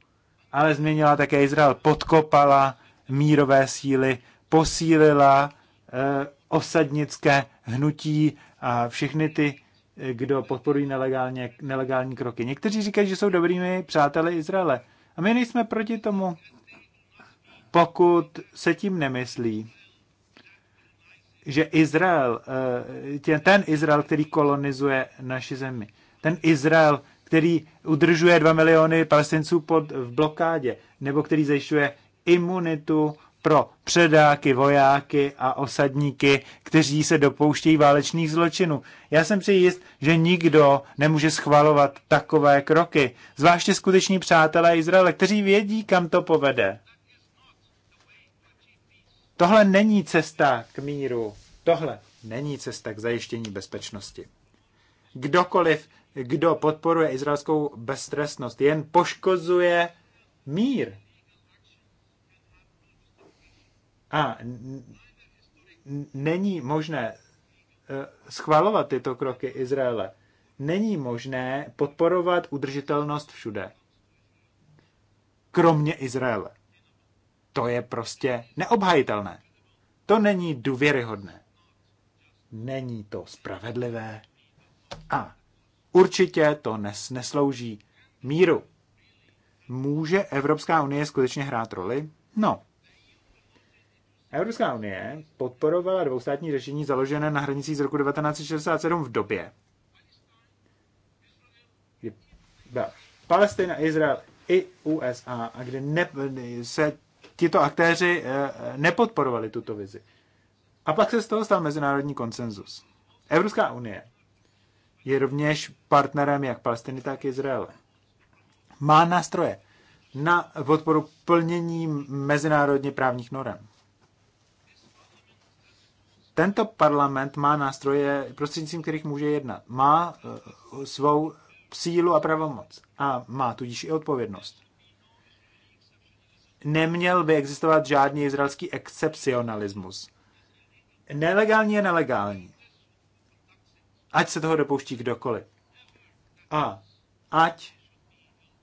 Ale změnila také Izrael, podkopala mírové síly, posílila eh, osadnické hnutí a všechny ty, eh, kdo podporují nelegálně, nelegální kroky. Někteří říkají, že jsou dobrými přáteli Izraele. A my nejsme proti tomu, pokud se tím nemyslí, že Izrael, eh, ten Izrael, který kolonizuje naši zemi, ten Izrael, který udržuje dva miliony palestinců pod, v blokádě, nebo který zajišťuje imunitu pro předáky, vojáky a osadníky, kteří se dopouštějí válečných zločinů. Já jsem si jist, že nikdo nemůže schvalovat takové kroky, zvláště skuteční přátelé Izraele, kteří vědí, kam to povede. Tohle není cesta k míru. Tohle není cesta k zajištění bezpečnosti. Kdokoliv, kdo podporuje izraelskou beztrestnost, jen poškozuje mír a není možné e, schvalovat tyto kroky Izraele. Není možné podporovat udržitelnost všude. Kromě Izraele. To je prostě neobhajitelné. To není důvěryhodné. Není to spravedlivé. A určitě to nes, neslouží míru. Může Evropská unie skutečně hrát roli? No, Evropská unie podporovala dvoustátní řešení založené na hranicích z roku 1967 v době, kdy byla Palestina, Izrael i USA a kde ne, se tito aktéři eh, nepodporovali tuto vizi. A pak se z toho stal mezinárodní konsenzus. Evropská unie je rovněž partnerem jak Palestiny, tak Izraele. Má nástroje na podporu plnění mezinárodně právních norem. Tento parlament má nástroje, prostřednictvím kterých může jednat. Má eh, svou sílu a pravomoc. A má tudíž i odpovědnost. Neměl by existovat žádný izraelský excepcionalismus. Nelegální je nelegální. Ať se toho dopouští kdokoliv. A ať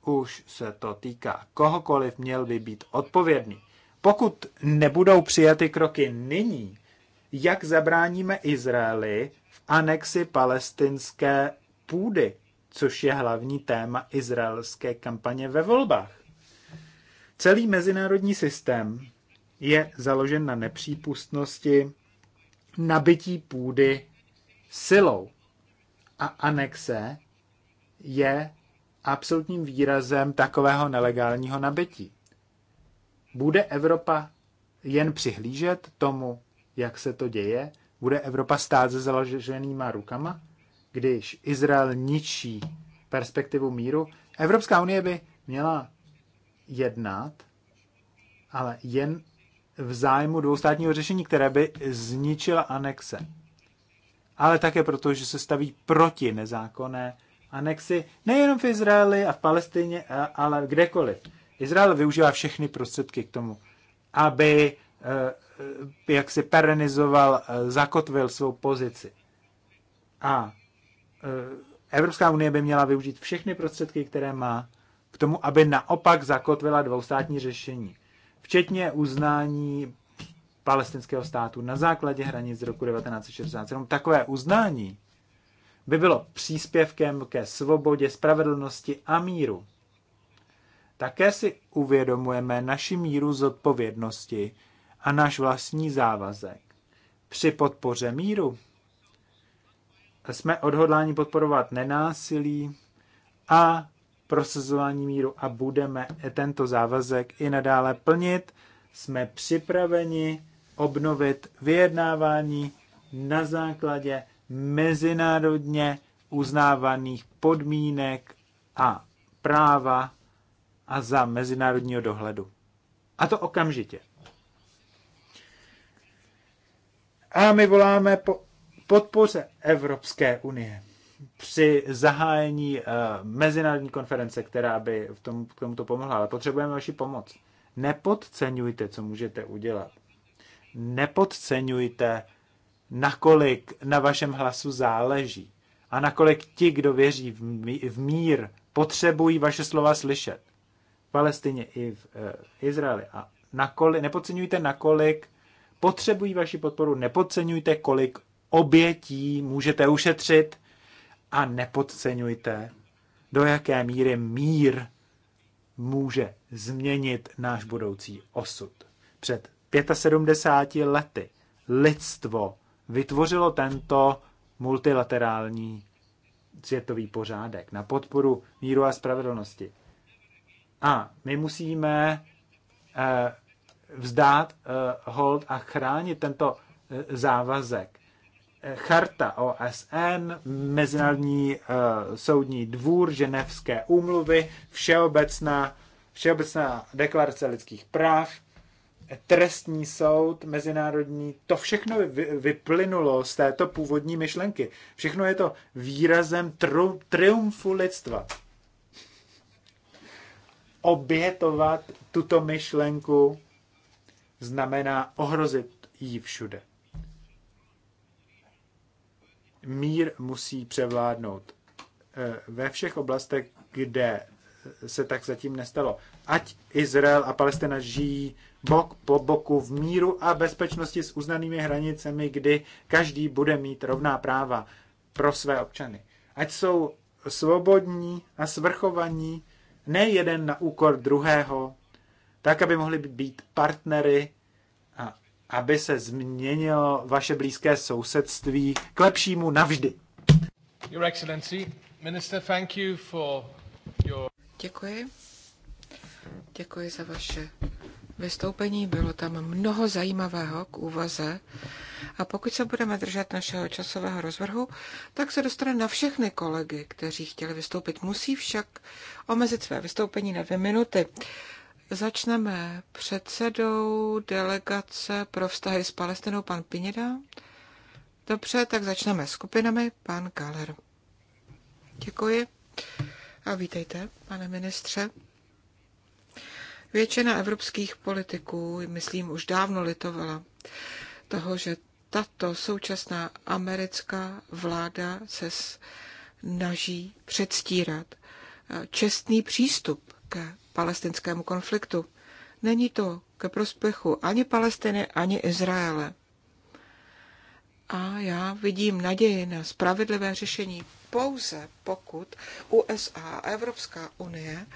už se to týká kohokoliv, měl by být odpovědný. Pokud nebudou přijaty kroky nyní, jak zabráníme Izraeli v anexi palestinské půdy, což je hlavní téma izraelské kampaně ve volbách. Celý mezinárodní systém je založen na nepřípustnosti nabití půdy silou. A anexe je absolutním výrazem takového nelegálního nabití. Bude Evropa jen přihlížet tomu? jak se to děje? Bude Evropa stát se založenýma rukama, když Izrael ničí perspektivu míru? Evropská unie by měla jednat, ale jen v zájmu dvoustátního řešení, které by zničila anexe. Ale také proto, že se staví proti nezákonné anexi, nejenom v Izraeli a v Palestině, ale kdekoliv. Izrael využívá všechny prostředky k tomu, aby eh, Eh, jak si perenizoval, eh, zakotvil svou pozici. A eh, Evropská unie by měla využít všechny prostředky, které má, k tomu, aby naopak zakotvila dvoustátní řešení, včetně uznání palestinského státu na základě hranic z roku 1967. Takové uznání by bylo příspěvkem ke svobodě, spravedlnosti a míru. Také si uvědomujeme naši míru zodpovědnosti a náš vlastní závazek při podpoře míru. Jsme odhodláni podporovat nenásilí a prosazování míru a budeme tento závazek i nadále plnit. Jsme připraveni obnovit vyjednávání na základě mezinárodně uznávaných podmínek a práva a za mezinárodního dohledu. A to okamžitě. A my voláme po podpoře Evropské unie při zahájení uh, mezinárodní konference, která by v tom, k tomuto pomohla, ale potřebujeme vaši pomoc. Nepodceňujte, co můžete udělat. Nepodceňujte, nakolik na vašem hlasu záleží a nakolik ti, kdo věří v, mí, v mír, potřebují vaše slova slyšet. V Palestině i v uh, Izraeli. A nakolik, nepodceňujte, nakolik potřebují vaši podporu. Nepodceňujte, kolik obětí můžete ušetřit a nepodceňujte, do jaké míry mír může změnit náš budoucí osud. Před 75 lety lidstvo vytvořilo tento multilaterální světový pořádek na podporu míru a spravedlnosti. A my musíme eh, vzdát eh, hold a chránit tento eh, závazek. Eh, charta OSN, Mezinárodní soudní dvůr, Ženevské úmluvy, Všeobecná, Všeobecná deklarace lidských práv, trestní soud, mezinárodní, to všechno vyplynulo z této původní myšlenky. Všechno je to výrazem tru, triumfu lidstva. Obětovat tuto myšlenku znamená ohrozit ji všude. Mír musí převládnout eh, ve všech oblastech, kde eh, se tak zatím nestalo. Ať Izrael a Palestina žijí bok po boku v míru a bezpečnosti s uznanými hranicemi, kdy každý bude mít rovná práva pro své občany. Ať jsou svobodní a svrchovaní, ne jeden na úkor druhého, tak aby mohli být partnery a aby se změnilo vaše blízké sousedství k lepšímu navždy. Your Excellency, Minister, thank you for your... Děkuji. Děkuji za vaše vystoupení. Bylo tam mnoho zajímavého k úvaze. A pokud se budeme držet našeho časového rozvrhu, tak se dostane na všechny kolegy, kteří chtěli vystoupit. Musí však omezit své vystoupení na dvě minuty. Začneme předsedou delegace pro vztahy s Palestinou, pan Pineda Dobře, tak začneme skupinami, pan Galer. Děkuji a vítejte, pane ministře. Většina evropských politiků, myslím, už dávno litovala toho, že tato současná americká vláda se snaží předstírat eh, čestný přístup ke palestinskému konfliktu. Není to ke prospěchu ani Palestiny, ani Izraele. A já vidím naději na spravedlivé řešení pouze pokud USA a Evropská unie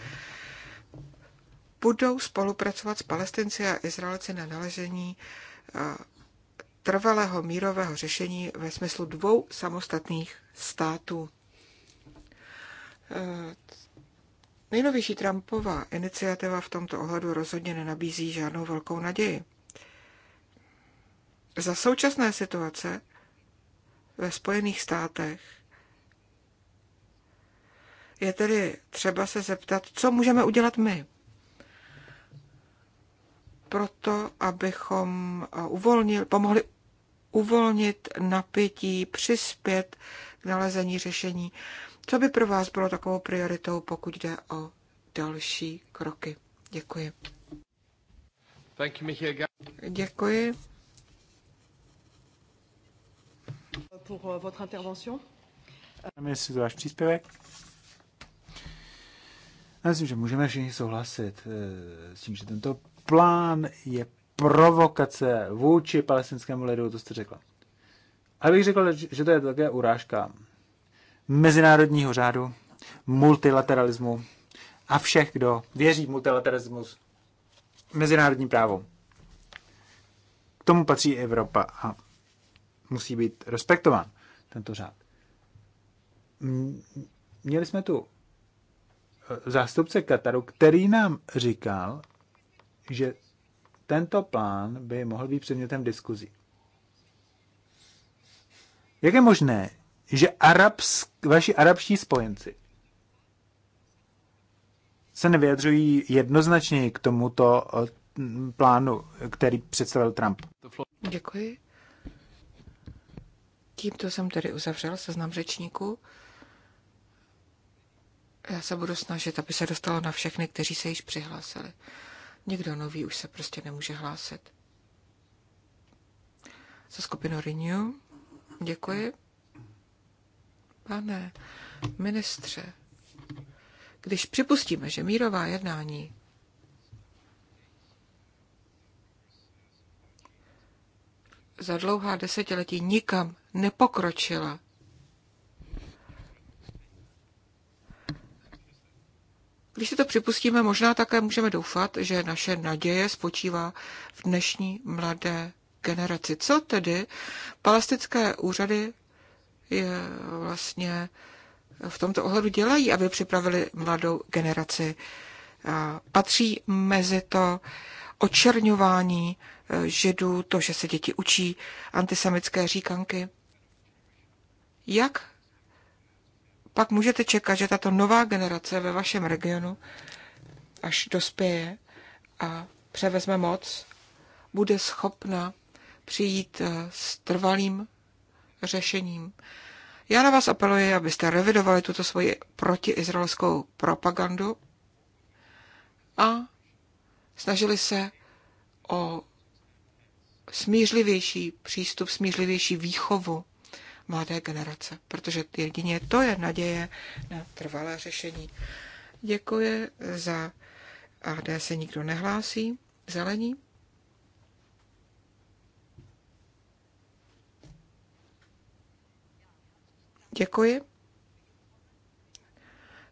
budou spolupracovat s Palestinci a Izraelci na nalezení eh, trvalého mírového řešení ve smyslu dvou samostatných států. Eh, Nejnovější Trumpova iniciativa v tomto ohledu rozhodně nenabízí žádnou velkou naději. Za současné situace ve Spojených státech je tedy třeba se zeptat, co můžeme udělat my proto, abychom eh, uvolnil, pomohli uvolnit napětí, přispět k nalezení řešení co by pro vás bylo takovou prioritou, pokud jde o další kroky? Děkuji. Děkuji. Pour euh, votre intervention. Myslím, váš příspěvek. Já myslím, že můžeme všichni souhlasit eh, s tím, že tento plán je provokace vůči palestinskému lidu, to jste řekla. A bych řekl, že to je také urážka mezinárodního řádu, multilateralismu a všech, kdo věří v multilateralismus, mezinárodní právo. K tomu patří Evropa a musí být respektován tento řád. Měli jsme tu eh, zástupce Kataru, který nám říkal, že tento plán by mohl být předmětem diskuzí. Jak je možné, že arabsk, vaši arabští spojenci se nevyjadřují jednoznačně k tomuto eh, plánu, který představil Trump. Děkuji. Tímto jsem tedy uzavřel seznam řečníků. Já se budu snažit, aby se dostalo na všechny, kteří se již přihlásili. Nikdo nový už se prostě nemůže hlásit. Za skupinu Renew děkuji. Pane ministře, když připustíme, že mírová jednání za dlouhá desetiletí nikam nepokročila, Když si to připustíme, možná také můžeme doufat, že naše naděje spočívá v dnešní mladé generaci. Co tedy palestinské úřady je vlastně v tomto ohledu dělají, aby připravili mladou generaci. Patří mezi to očerňování e, židů, to, že se děti učí antisemické říkanky. Jak pak můžete čekat, že tato nová generace ve vašem regionu, až dospěje a převezme moc, bude schopna přijít e, s trvalým řešením. Já na vás apeluji, abyste revidovali tuto svoji protiizraelskou propagandu a snažili se o smířlivější přístup, smířlivější výchovu mladé generace, protože jedině to je naděje na trvalé řešení. Děkuji za AD se nikdo nehlásí. Zelení. Děkuji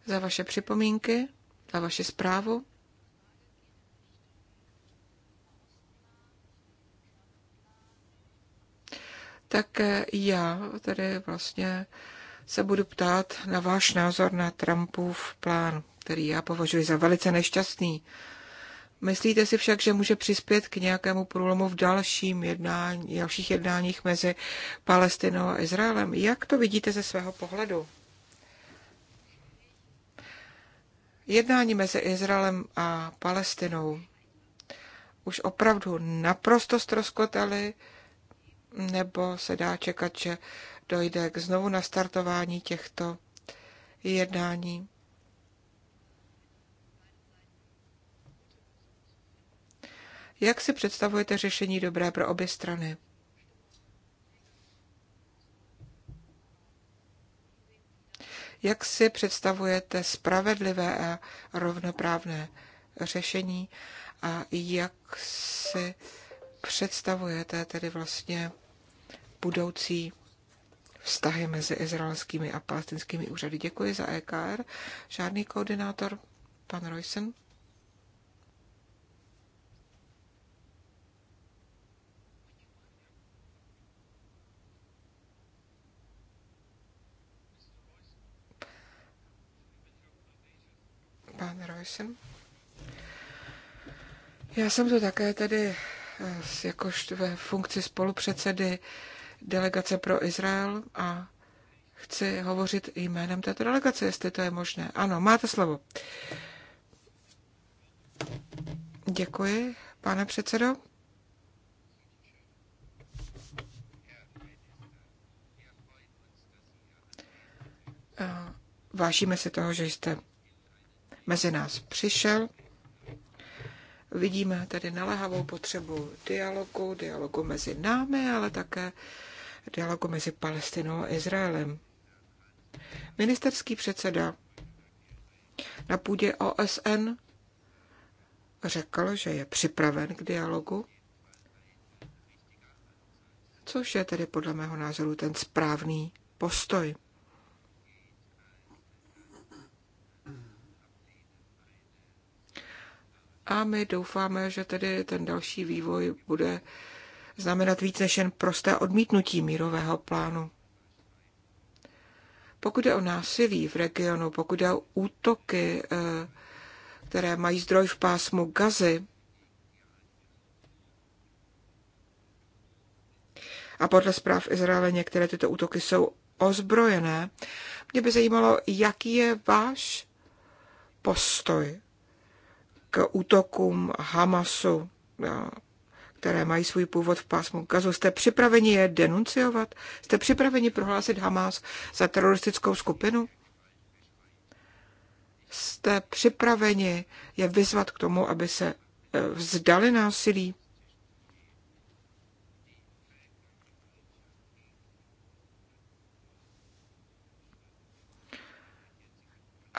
za vaše připomínky, za vaši zprávu. Tak já tady vlastně se budu ptát na váš názor na Trumpův plán, který já považuji za velice nešťastný Myslíte si však, že může přispět k nějakému průlomu v dalším jednání, dalších jednáních mezi Palestinou a Izraelem? Jak to vidíte ze svého pohledu? Jednání mezi Izraelem a Palestinou už opravdu naprosto stroskotaly, nebo se dá čekat, že dojde k znovu nastartování těchto jednání? Jak si představujete řešení dobré pro obě strany? Jak si představujete spravedlivé a rovnoprávné řešení a jak si představujete tedy vlastně budoucí vztahy mezi izraelskými a palestinskými úřady. Děkuji za EKR. Žádný koordinátor, pan Roysen. Já jsem, já jsem to také tedy eh, jakož ve funkci spolupředsedy delegace pro Izrael a chci hovořit jménem této delegace, jestli to je možné. Ano, máte slovo. Děkuji, pane předsedo. Eh, vážíme si toho, že jste mezi nás přišel. Vidíme tady naléhavou potřebu dialogu, dialogu mezi námi, ale také dialogu mezi Palestinou a Izraelem. Ministerský předseda na půdě OSN řekl, že je připraven k dialogu, což je tedy podle mého názoru ten správný postoj. A my doufáme, že tedy ten další vývoj bude znamenat víc než jen prosté odmítnutí mírového plánu. Pokud je o násilí v regionu, pokud je o útoky, eh, které mají zdroj v pásmu gazy, a podle zpráv Izraele některé tyto útoky jsou ozbrojené. Mě by zajímalo, jaký je váš postoj útokům Hamasu, které mají svůj původ v pásmu Gazu. Jste připraveni je denunciovat? Jste připraveni prohlásit Hamas za teroristickou skupinu? Jste připraveni je vyzvat k tomu, aby se eh, vzdali násilí?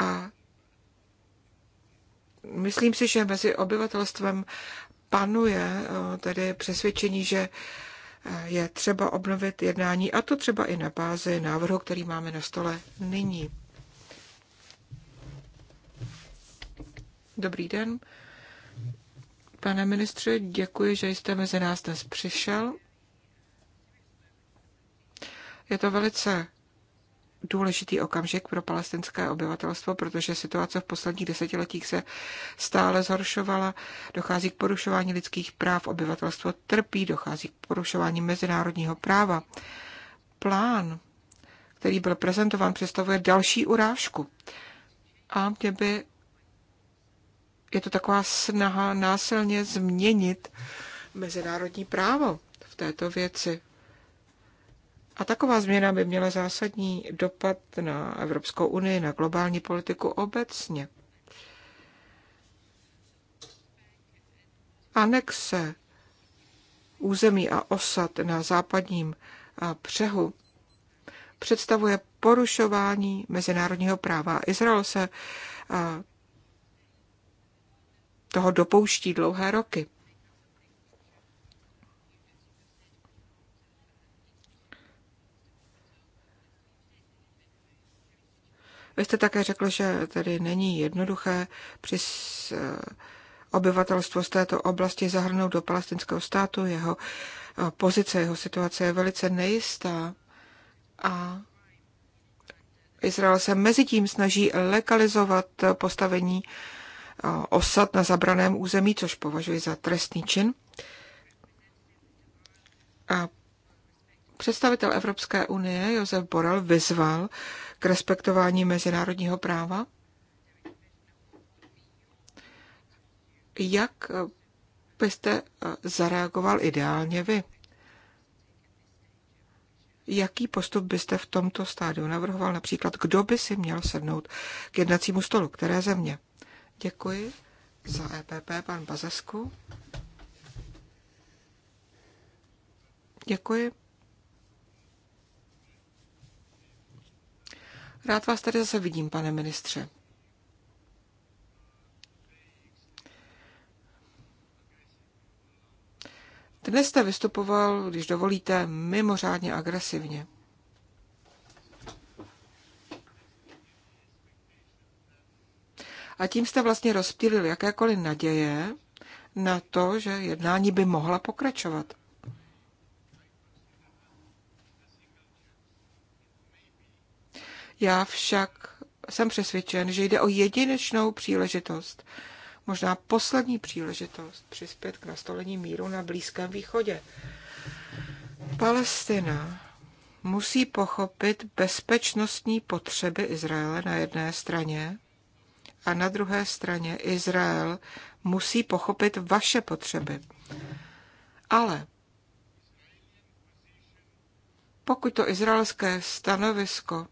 A myslím si, že mezi obyvatelstvem panuje eh, tedy přesvědčení, že eh, je třeba obnovit jednání, a to třeba i na bázi návrhu, který máme na stole nyní. Dobrý den. Pane ministře, děkuji, že jste mezi nás dnes přišel. Je to velice důležitý okamžik pro palestinské obyvatelstvo, protože situace v posledních desetiletích se stále zhoršovala, dochází k porušování lidských práv, obyvatelstvo trpí, dochází k porušování mezinárodního práva. Plán, který byl prezentován, představuje další urážku. A mě by je to taková snaha násilně změnit mezinárodní právo v této věci. A taková změna by měla zásadní dopad na Evropskou unii, na globální politiku obecně. Anexe území a osad na západním břehu představuje porušování mezinárodního práva. Izrael se toho dopouští dlouhé roky. Vy jste také řekl, že tedy není jednoduché při eh, obyvatelstvo z této oblasti zahrnout do palestinského státu. Jeho eh, pozice, jeho situace je velice nejistá a Izrael se mezi tím snaží legalizovat postavení eh, osad na zabraném území, což považuji za trestný čin. A Představitel Evropské unie Josef Borel vyzval k respektování mezinárodního práva. Jak byste eh, zareagoval ideálně vy? Jaký postup byste v tomto stádiu navrhoval? Například, kdo by si měl sednout k jednacímu stolu? Které země? Děkuji za EPP, pan Bazesku. Děkuji. Rád vás tady zase vidím, pane ministře. Dnes jste vystupoval, když dovolíte, mimořádně agresivně. A tím jste vlastně rozptýlil jakékoliv naděje na to, že jednání by mohla pokračovat. Já však jsem přesvědčen, že jde o jedinečnou příležitost, možná poslední příležitost přispět k nastolení míru na Blízkém východě. Palestina musí pochopit bezpečnostní potřeby Izraele na jedné straně a na druhé straně Izrael musí pochopit vaše potřeby. Ale pokud to izraelské stanovisko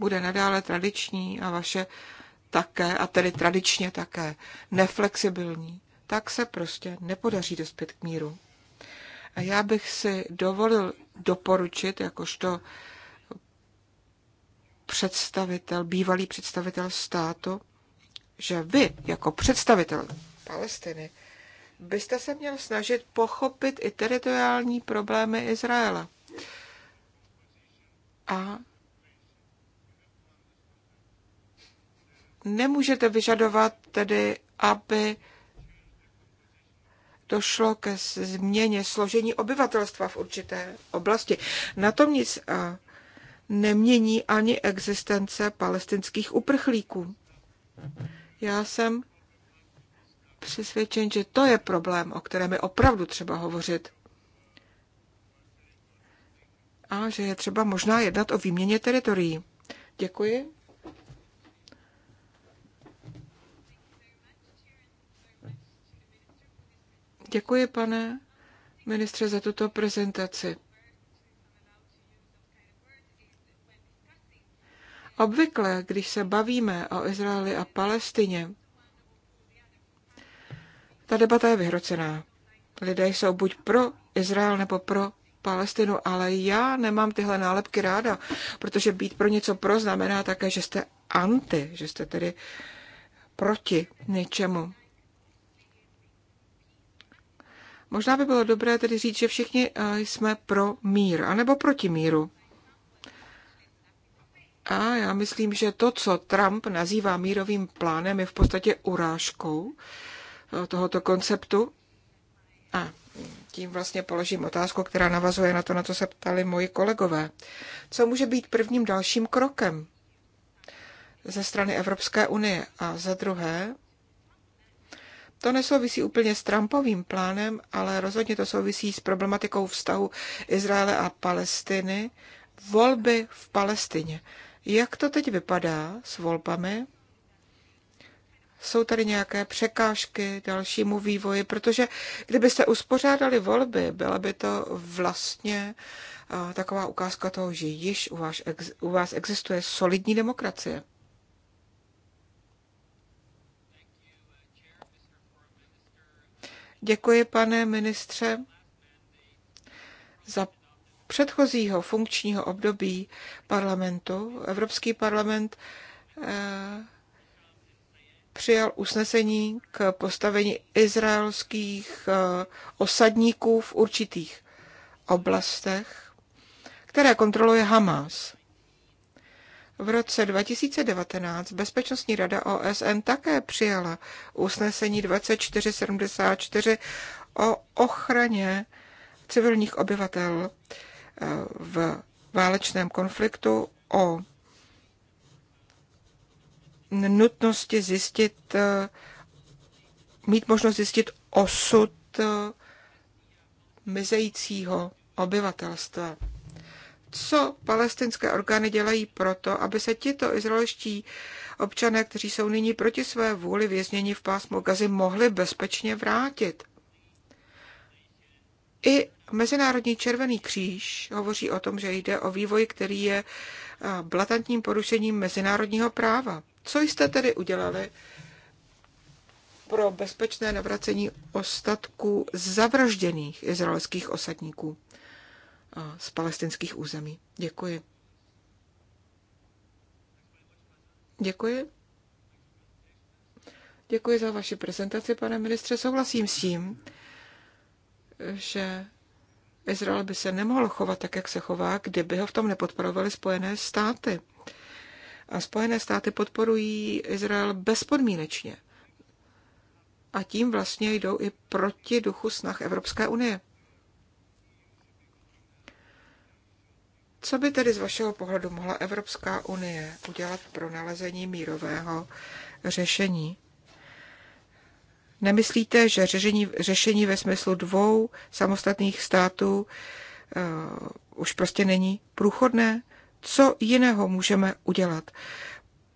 bude nadále tradiční a vaše také, a tedy tradičně také, neflexibilní, tak se prostě nepodaří dospět k míru. A já bych si dovolil doporučit, jakožto představitel, bývalý představitel státu, že vy, jako představitel Palestiny, byste se měl snažit pochopit i teritoriální problémy Izraela. A nemůžete vyžadovat tedy, aby došlo ke změně složení obyvatelstva v určité oblasti. Na tom nic nemění ani existence palestinských uprchlíků. Já jsem přesvědčen, že to je problém, o kterém je opravdu třeba hovořit. A že je třeba možná jednat o výměně teritorií. Děkuji. Děkuji, pane ministře, za tuto prezentaci. Obvykle, když se bavíme o Izraeli a Palestině, ta debata je vyhrocená. Lidé jsou buď pro Izrael nebo pro Palestinu, ale já nemám tyhle nálepky ráda, protože být pro něco pro znamená také, že jste anti, že jste tedy proti něčemu. Možná by bylo dobré tedy říct, že všichni eh, jsme pro mír, anebo proti míru. A já myslím, že to, co Trump nazývá mírovým plánem, je v podstatě urážkou eh, tohoto konceptu. A tím vlastně položím otázku, která navazuje na to, na co se ptali moji kolegové. Co může být prvním dalším krokem ze strany Evropské unie? A za druhé, to nesouvisí úplně s Trumpovým plánem, ale rozhodně to souvisí s problematikou vztahu Izraele a Palestiny, volby v Palestině. Jak to teď vypadá s volbami? Jsou tady nějaké překážky dalšímu vývoji, protože kdybyste uspořádali volby, byla by to vlastně eh, taková ukázka toho, že již u vás, u vás existuje solidní demokracie. Děkuji, pane ministře, za předchozího funkčního období parlamentu. Evropský parlament eh, přijal usnesení k postavení izraelských eh, osadníků v určitých oblastech, které kontroluje Hamás. V roce 2019 Bezpečnostní rada OSN také přijala usnesení 2474 o ochraně civilních obyvatel eh, v válečném konfliktu, o nutnosti zjistit, eh, mít možnost zjistit osud eh, mizejícího obyvatelstva co palestinské orgány dělají proto, aby se tito izraelští občané, kteří jsou nyní proti své vůli vězněni v pásmu Gazy, mohli bezpečně vrátit. I Mezinárodní červený kříž hovoří o tom, že jde o vývoj, který je blatantním porušením mezinárodního práva. Co jste tedy udělali pro bezpečné navracení ostatků zavražděných izraelských osadníků? z palestinských území. Děkuji. Děkuji. Děkuji za vaši prezentaci, pane ministře. Souhlasím s tím, že Izrael by se nemohl chovat tak, jak se chová, kdyby ho v tom nepodporovaly Spojené státy. A Spojené státy podporují Izrael bezpodmínečně. A tím vlastně jdou i proti duchu snah Evropské unie. Co by tedy z vašeho pohledu mohla Evropská unie udělat pro nalezení mírového řešení? Nemyslíte, že řešení, řešení ve smyslu dvou samostatných států uh, už prostě není průchodné? Co jiného můžeme udělat?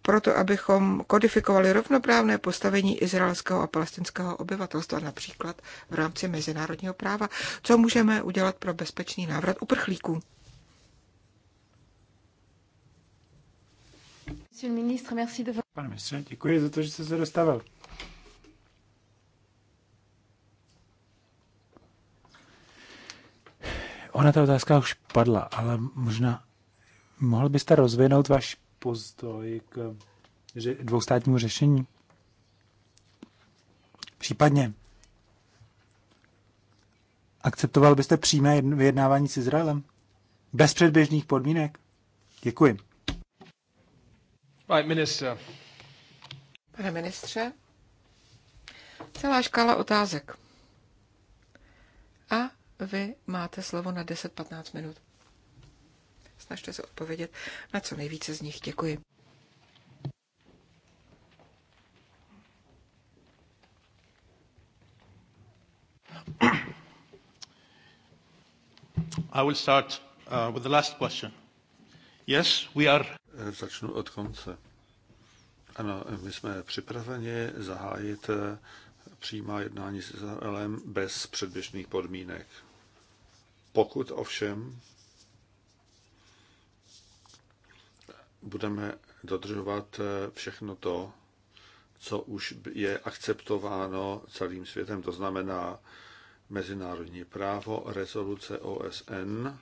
Proto, abychom kodifikovali rovnoprávné postavení izraelského a palestinského obyvatelstva, například v rámci mezinárodního práva, co můžeme udělat pro bezpečný návrat uprchlíků? Pane ministře, děkuji za to, že jste se dostavil. Ona ta otázka už padla, ale možná mohl byste rozvinout váš postoj k dvoustátnímu řešení? Případně akceptoval byste přímé vyjednávání s Izraelem? Bez předběžných podmínek? Děkuji. Right, minister. Pane ministře, celá škála otázek. A vy máte slovo na 10-15 minut. Snažte se odpovědět na co nejvíce z nich. Děkuji. I will start uh, with the last question. Yes, we are Eh, začnu od konce. Ano, my jsme připraveni zahájit eh, přímá jednání s Izraelem bez předběžných podmínek. Pokud ovšem budeme dodržovat eh, všechno to, co už je akceptováno celým světem, to znamená mezinárodní právo, rezoluce OSN,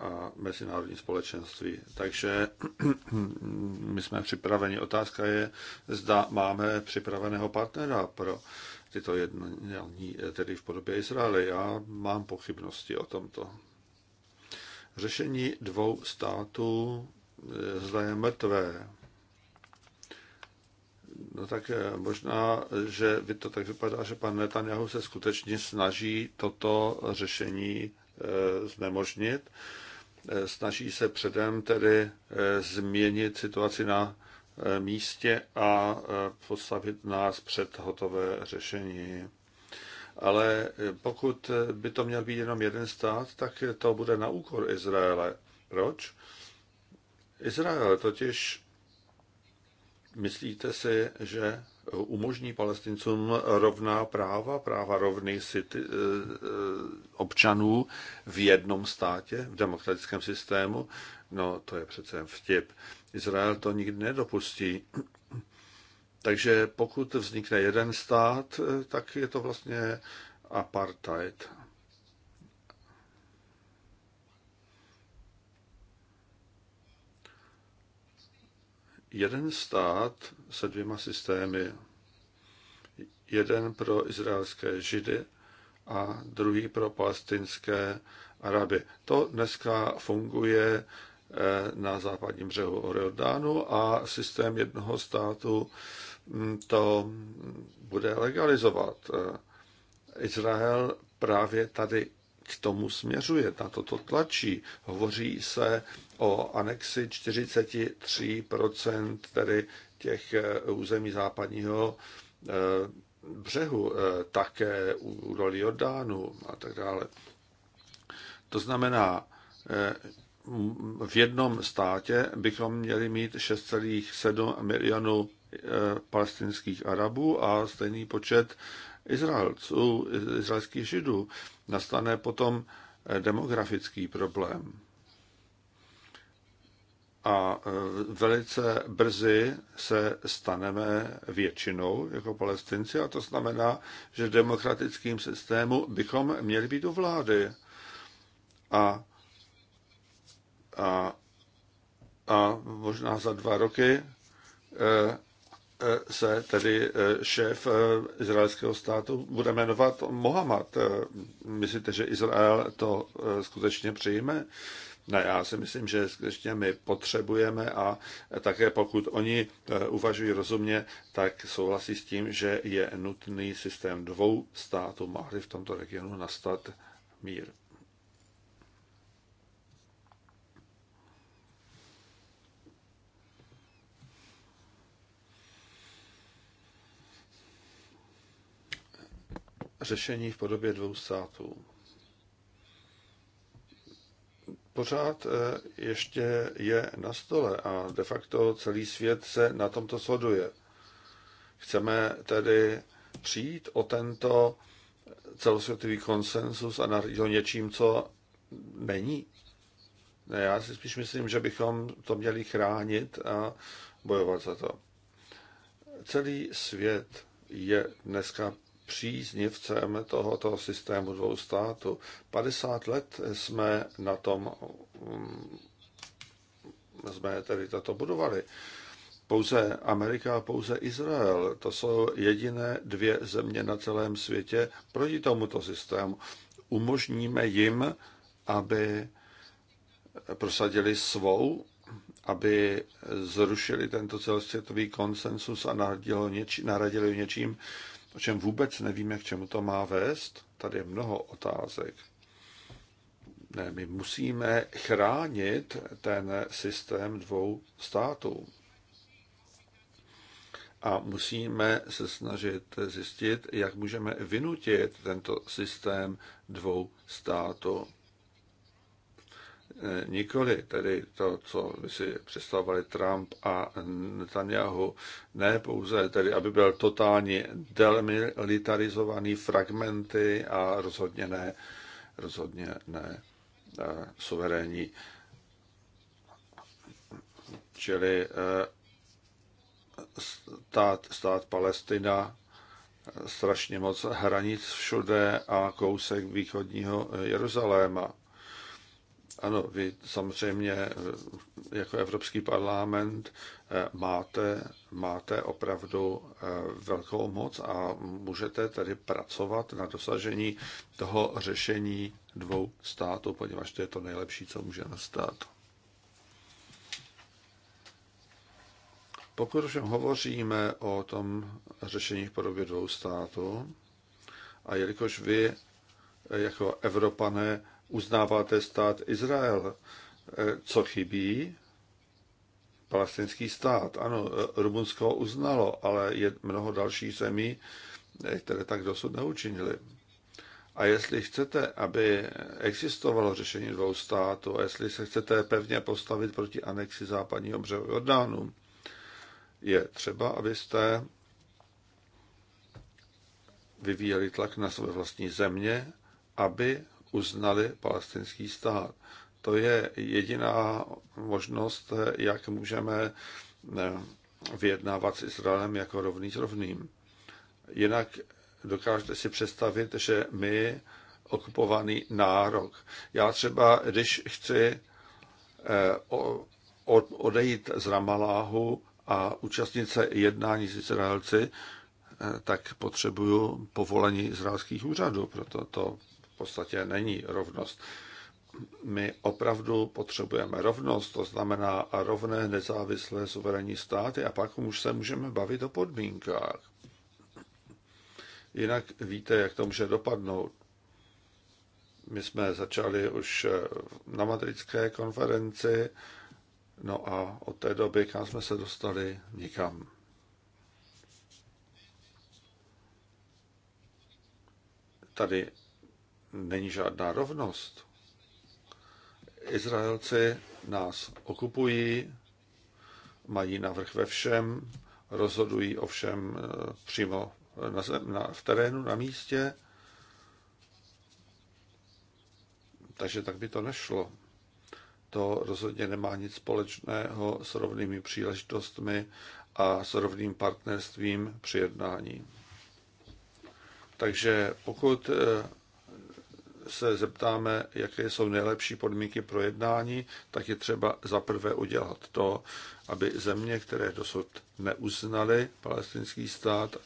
a mezinárodní společenství. Takže *clears throat* my jsme připraveni. Otázka je, zda máme připraveného partnera pro tyto jednání, tedy v podobě Izraele. Já mám pochybnosti o tomto. Řešení dvou států eh, zda je mrtvé. No tak eh, možná, že vy to tak vypadá, že pan Netanyahu se skutečně snaží toto řešení eh, znemožnit Eh, snaží se předem tedy eh, změnit situaci na eh, místě a postavit nás před hotové řešení. Ale pokud by to měl být jenom jeden stát, tak to bude na úkor Izraele. Proč? Izrael totiž, myslíte si, že umožní palestincům rovná práva, práva rovných eh, eh, občanů v jednom státě, v demokratickém systému, no to je přece vtip. Izrael to nikdy nedopustí. Takže pokud vznikne jeden stát, eh, tak je to vlastně apartheid. jeden stát se dvěma systémy. Jeden pro izraelské židy a druhý pro palestinské Araby. To dneska funguje eh, na západním břehu Jordánu a systém jednoho státu hm, to bude legalizovat. Eh, Izrael právě tady k tomu směřuje, na toto tlačí. Hovoří se o anexi 43 tedy těch eh, území západního eh, břehu, eh, také údolí Jordánu a tak dále. To znamená, v jednom státě bychom měli mít 6,7 milionů palestinských Arabů a stejný počet Izraelců, izraelských Židů. Nastane potom demografický problém a e, velice brzy se staneme většinou jako palestinci a to znamená, že v demokratickém systému bychom měli být u vlády. A, a, a možná za dva roky e, e, se tedy šéf izraelského státu bude jmenovat Mohamed. Myslíte, že Izrael to skutečně přijme? No já si myslím, že skutečně my potřebujeme a také pokud oni eh, uvažují rozumně, tak souhlasí s tím, že je nutný systém dvou států, má v tomto regionu nastat mír. Řešení v podobě dvou států pořád eh, ještě je na stole a de facto celý svět se na tomto shoduje. Chceme tedy přijít o tento celosvětový konsensus a nařídit ho něčím, co není. Ne, já si spíš myslím, že bychom to měli chránit a bojovat za to. Celý svět je dneska příznivcem tohoto systému dvou států. 50 let jsme na tom, mm, jsme tedy tato budovali. Pouze Amerika a pouze Izrael, to jsou jediné dvě země na celém světě proti tomuto systému. Umožníme jim, aby prosadili svou, aby zrušili tento celosvětový konsensus a nahradili něčím, o čem vůbec nevíme, k čemu to má vést. Tady je mnoho otázek. Ne, my musíme chránit ten systém dvou států. A musíme se snažit zjistit, jak můžeme vynutit tento systém dvou států. Eh, nikoli tedy to, co by si představovali Trump a Netanyahu, ne pouze tedy, aby byl totálně delmilitarizovaný fragmenty a rozhodně ne, rozhodně ne eh, suverénní. Čili eh, stát, stát Palestina, strašně moc hranic všude a kousek východního Jeruzaléma ano, vy samozřejmě jako Evropský parlament máte, máte opravdu eh, velkou moc a můžete tedy pracovat na dosažení toho řešení dvou států, poněvadž to je to nejlepší, co může nastat. Pokud už hovoříme o tom řešení v podobě dvou států, a jelikož vy eh, jako Evropané uznáváte stát Izrael. Eh, co chybí? Palestinský stát. Ano, eh, Rumunsko ho uznalo, ale je mnoho dalších zemí, eh, které tak dosud neučinili. A jestli chcete, aby existovalo řešení dvou států, a jestli se chcete pevně postavit proti anexi západního břehu Jordánu, je třeba, abyste vyvíjeli tlak na své vlastní země, aby uznali palestinský stát. To je jediná možnost, jak můžeme vyjednávat s Izraelem jako rovný s rovným. Jinak dokážete si představit, že my okupovaný nárok. Já třeba, když chci eh, odejít z Ramaláhu a účastnit se jednání s Izraelci, eh, tak potřebuju povolení izraelských úřadů, proto to podstatě není rovnost. My opravdu potřebujeme rovnost, to znamená a rovné nezávislé suverénní státy a pak už se můžeme bavit o podmínkách. Jinak víte, jak to může dopadnout. My jsme začali už na madridské konferenci, no a od té doby, kam jsme se dostali, nikam. Tady není žádná rovnost. Izraelci nás okupují, mají navrh ve všem, rozhodují o všem eh, přímo na zem, na, v terénu, na místě. Takže tak by to nešlo. To rozhodně nemá nic společného s rovnými příležitostmi a s rovným partnerstvím při jednání. Takže pokud eh, se zeptáme, jaké jsou nejlepší podmínky pro jednání, tak je třeba zaprvé udělat to, aby země, které dosud neuznaly palestinský stát,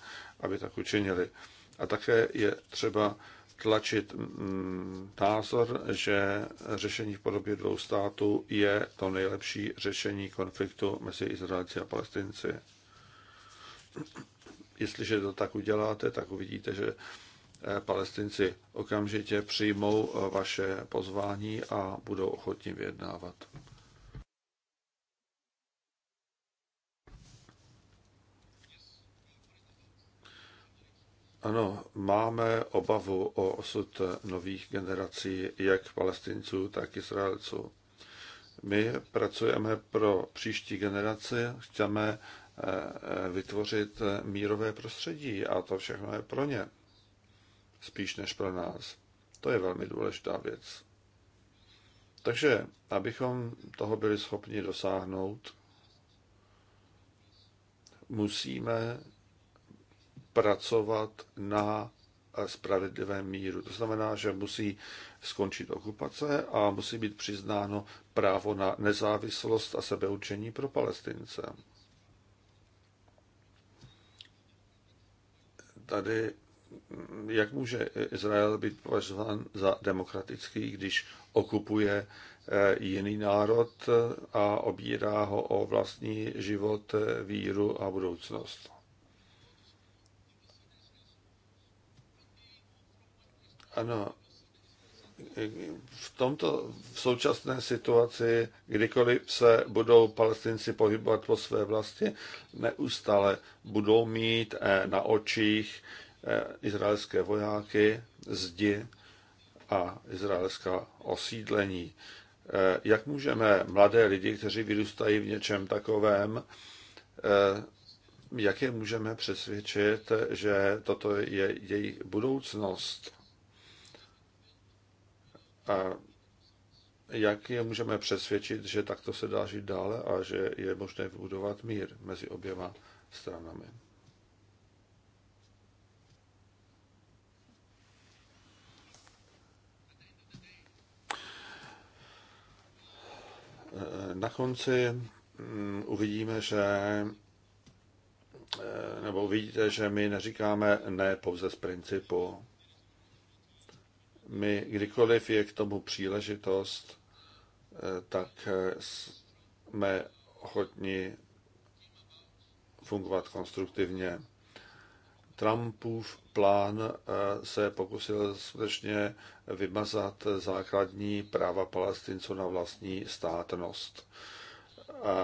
aby tak učinili. A také je třeba tlačit mm, názor, že řešení v podobě dvou států je to nejlepší řešení konfliktu mezi Izraelci a Palestinci. Jestliže to tak uděláte, tak uvidíte, že Eh, palestinci okamžitě přijmou eh, vaše pozvání a budou ochotní vyjednávat. Ano, máme obavu o osud nových generací, jak palestinců, tak Izraelců. My pracujeme pro příští generace, chceme eh, vytvořit mírové prostředí a to všechno je pro ně spíš než pro nás. To je velmi důležitá věc. Takže, abychom toho byli schopni dosáhnout, musíme pracovat na spravedlivém míru. To znamená, že musí skončit okupace a musí být přiznáno právo na nezávislost a sebeučení pro Palestince. Tady jak může Izrael být považován za demokratický, když okupuje eh, jiný národ eh, a obírá ho o vlastní život, eh, víru a budoucnost. Ano, v tomto v současné situaci, kdykoliv se budou palestinci pohybovat po své vlasti, neustále budou mít na očích Eh, izraelské vojáky, zdi a izraelská osídlení. Eh, jak můžeme mladé lidi, kteří vyrůstají v něčem takovém, eh, jak je můžeme přesvědčit, že toto je jejich budoucnost? A jak je můžeme přesvědčit, že takto se dá žít dále a že je možné vybudovat mír mezi oběma stranami? Na konci mm, uvidíme, že eh, nebo uvidíte, že my neříkáme ne pouze z principu. My kdykoliv je k tomu příležitost, eh, tak eh, jsme ochotni fungovat konstruktivně. Trumpův plán eh, se pokusil skutečně vymazat základní práva palestinců na vlastní státnost. A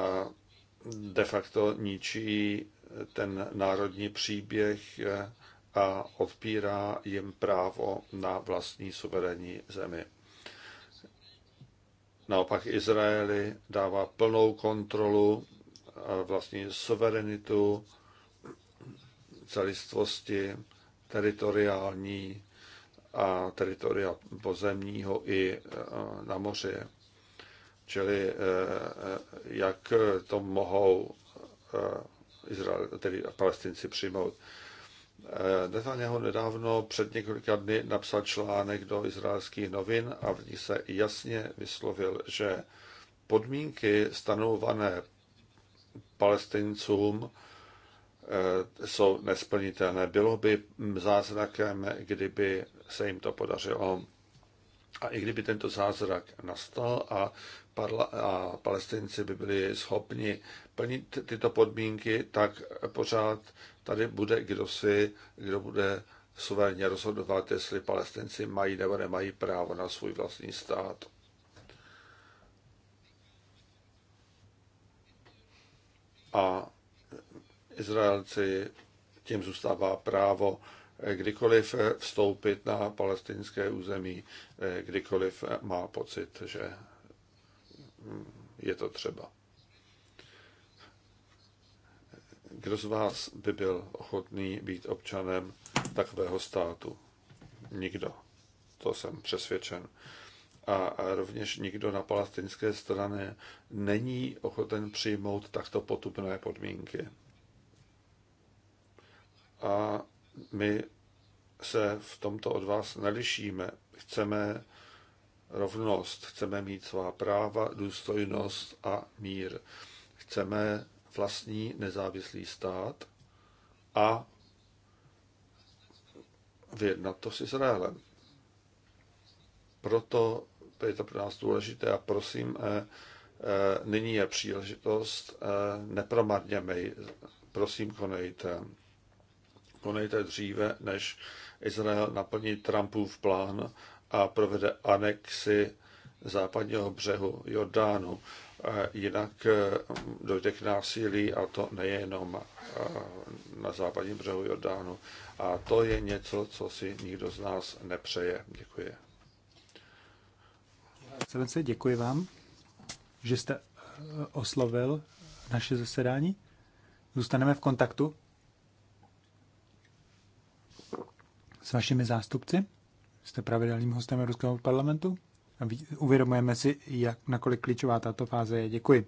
de facto ničí ten národní příběh eh, a odpírá jim právo na vlastní suverénní zemi. Naopak Izraeli dává plnou kontrolu eh, vlastní suverenitu celistvosti teritoriální a teritoria pozemního i e, na moři. Čili e, e, jak to mohou Izrael, tedy palestinci přijmout. Netanyahu nedávno před několika dny napsal článek do izraelských novin a v ní se jasně vyslovil, že podmínky stanovované palestincům Eh, jsou nesplnitelné. Bylo by zázrakem, kdyby se jim to podařilo. A i kdyby tento zázrak nastal a, parla- a palestinci by byli schopni plnit tyto podmínky, tak pořád tady bude kdo si, kdo bude suverénně rozhodovat, jestli palestinci mají nebo nemají právo na svůj vlastní stát. A Izraelci tím zůstává právo eh, kdykoliv eh, vstoupit na palestinské území, eh, kdykoliv má pocit, že mm, je to třeba. Kdo z vás by byl ochotný být občanem takového státu? Nikdo. To jsem přesvědčen. A rovněž nikdo na palestinské straně není ochoten přijmout takto potupné podmínky a my se v tomto od vás nelišíme. Chceme rovnost, chceme mít svá práva, důstojnost a mír. Chceme vlastní nezávislý stát a vyjednat to s Izraelem. Proto je to pro nás důležité a prosím, eh, eh, nyní je příležitost, eh, nepromarněme ji, prosím, konejte konejte dříve, než Izrael naplní Trumpův plán a provede anexi západního břehu Jordánu. Eh, jinak eh, dojde k násilí a to nejenom eh, na západním břehu Jordánu. A to je něco, co si nikdo z nás nepřeje. Děkuji. Excelence, děkuji vám, že jste oslovil naše zasedání. Zůstaneme v kontaktu. s vašimi zástupci. Jste pravidelným hostem Evropského parlamentu a uvědomujeme si, jak nakolik klíčová tato fáze je. Děkuji.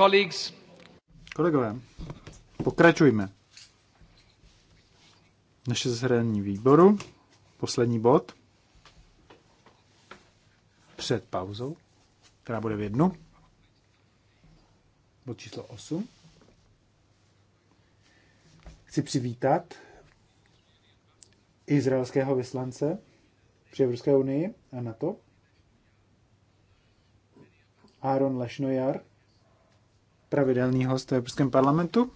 Colleagues. Kolegové, pokračujme. Naše zhrání výboru, poslední bod, před pauzou, která bude v jednu, bod číslo 8. Chci přivítat izraelského vyslance při Evropské unii a NATO, Aaron Lešnojar, pravidelný host v Evropském parlamentu.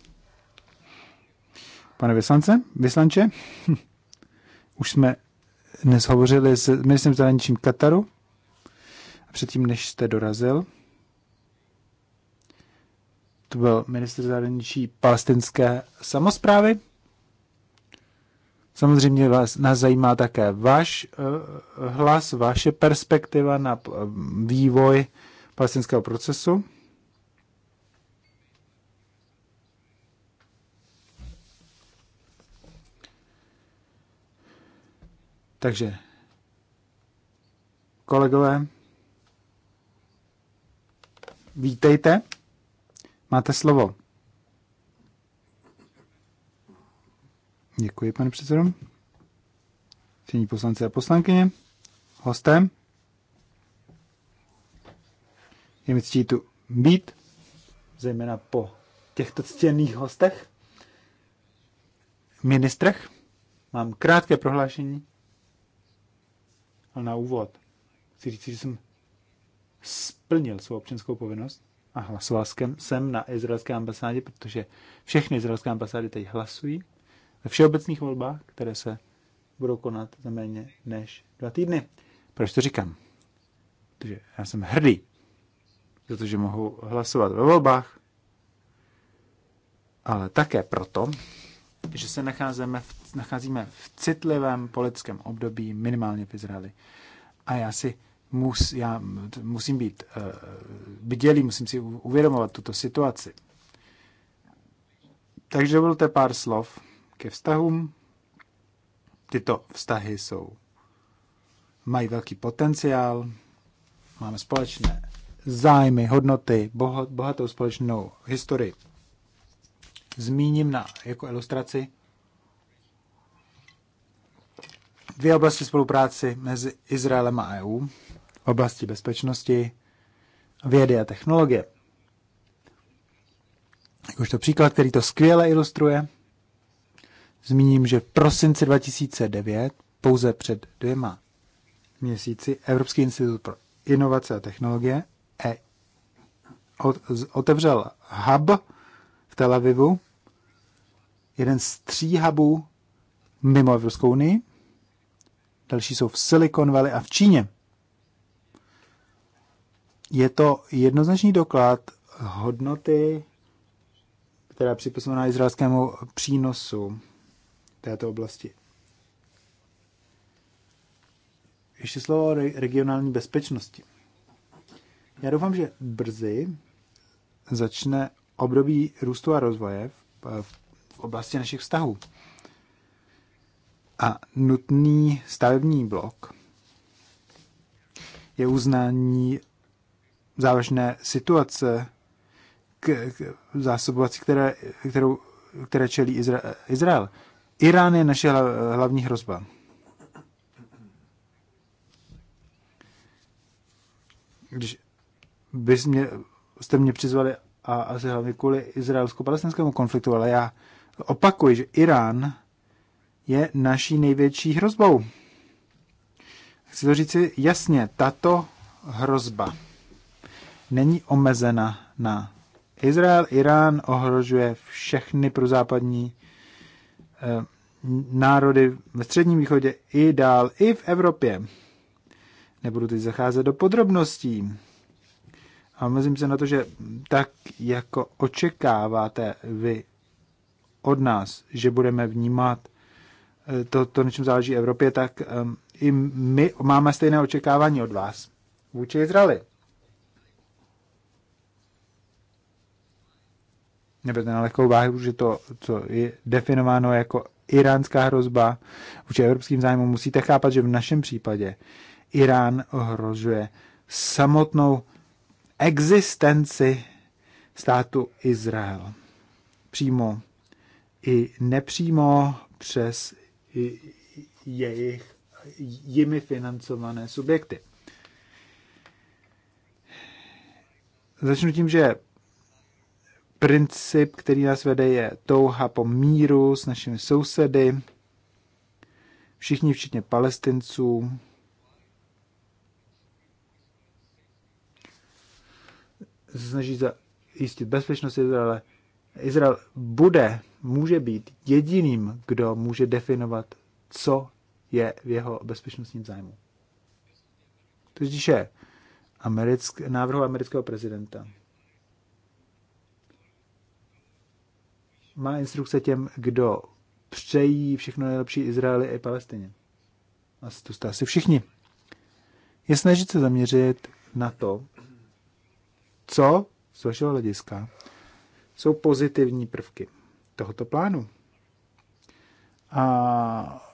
Pane vyslance, vyslanče, *laughs* už jsme dnes hovořili s ministrem zahraničím Kataru, a předtím, než jste dorazil, to byl minister zahraničí palestinské samozprávy. Samozřejmě vás, nás zajímá také váš uh, hlas, vaše perspektiva na vývoj palestinského procesu. Takže, kolegové, vítejte, máte slovo. Děkuji, pane předsedo. Cení poslanci a poslankyně, hosté. Je mi ctí tu být, zejména po těchto ctěných hostech, ministrech. Mám krátké prohlášení na úvod chci říct, že jsem splnil svou občanskou povinnost a hlasoval jsem na izraelské ambasádě, protože všechny izraelské ambasády teď hlasují ve všeobecných volbách, které se budou konat za méně než dva týdny. Proč to říkám? Protože já jsem hrdý, protože mohu hlasovat ve volbách, ale také proto, že se nacházíme v, nacházíme v citlivém politickém období, minimálně v Izraeli. A já si mus, já musím být uh, bdělý, musím si uvědomovat tuto situaci. Takže volte pár slov ke vztahům. Tyto vztahy jsou, mají velký potenciál, máme společné zájmy, hodnoty, bohatou společnou historii zmíním na, jako ilustraci dvě oblasti spolupráci mezi Izraelem a EU oblasti bezpečnosti, vědy a technologie. to příklad, který to skvěle ilustruje, zmíním, že v prosinci 2009, pouze před dvěma měsíci, Evropský institut pro inovace a technologie e, otevřel hub Tel Avivu, jeden z tří hubů mimo Evropskou unii, další jsou v Silicon Valley a v Číně. Je to jednoznačný doklad hodnoty, která je připisovaná izraelskému přínosu této oblasti. Ještě slovo o regionální bezpečnosti. Já doufám, že brzy začne období růstu a rozvoje v, v oblasti našich vztahů. A nutný stavební blok je uznání závažné situace k, k zásobovací, které, kterou, které čelí Izra, Izrael. Irán je naše hlavní hrozba. Když bys mě, jste mě přizvali, a asi hlavně kvůli izraelsko-palestinskému konfliktu, ale já opakuji, že Irán je naší největší hrozbou. Chci to říci jasně, tato hrozba není omezena na Izrael. Irán ohrožuje všechny prozápadní eh, národy ve Středním východě i dál, i v Evropě. Nebudu teď zacházet do podrobností. A myslím se na to, že tak jako očekáváte vy od nás, že budeme vnímat eh, to, to na čem záleží Evropě, tak um, i my máme stejné očekávání od vás vůči Izraeli. Neberte na lehkou váhu, že to, co je definováno jako iránská hrozba vůči evropským zájmům, musíte chápat, že v našem případě Irán ohrožuje samotnou existenci státu Izrael. Přímo i nepřímo přes jejich jimi financované subjekty. Začnu tím, že princip, který nás vede, je touha po míru s našimi sousedy, všichni včetně palestinců, se snaží zajistit bezpečnost Izraele. Izrael bude, může být jediným, kdo může definovat, co je v jeho bezpečnostním zájmu. To je americk, návrhu amerického prezidenta. Má instrukce těm, kdo přejí všechno nejlepší Izraeli i Palestině. A to jste asi všichni. Je snažit se zaměřit na to, co z vašeho hlediska jsou pozitivní prvky tohoto plánu. A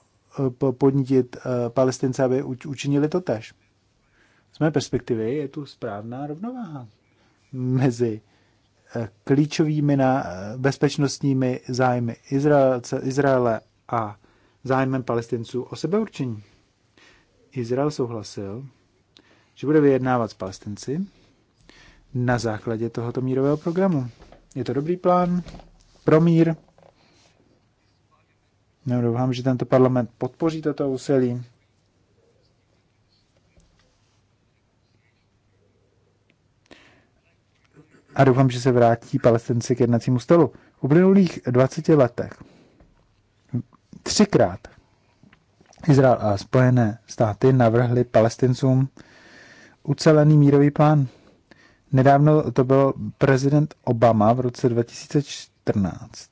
e, podnítit e, palestince, aby učinili to tež. Z mé perspektivy je tu správná rovnováha mezi e, klíčovými na bezpečnostními zájmy Izraelce, Izraele a zájmem palestinců o sebeurčení. Izrael souhlasil, že bude vyjednávat s palestinci, na základě tohoto mírového programu. Je to dobrý plán pro mír. Doufám, že tento parlament podpoří toto úsilí. A doufám, že se vrátí palestinci k jednacímu stolu. V uplynulých 20 letech třikrát Izrael a Spojené státy navrhli palestincům ucelený mírový plán Nedávno to byl prezident Obama v roce 2014.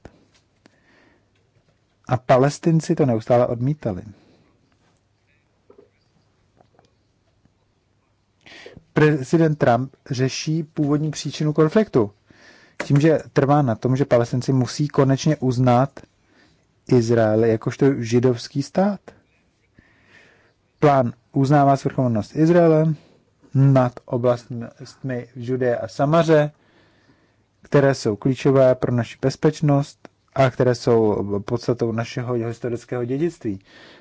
A palestinci to neustále odmítali. Prezident Trump řeší původní příčinu konfliktu. Tím, že trvá na tom, že palestinci musí konečně uznat Izrael jakožto židovský stát. Plán uznává svrchovanost Izraele, nad oblastmi v Judeje a Samaře, které jsou klíčové pro naši bezpečnost a které jsou podstatou našeho historického dědictví.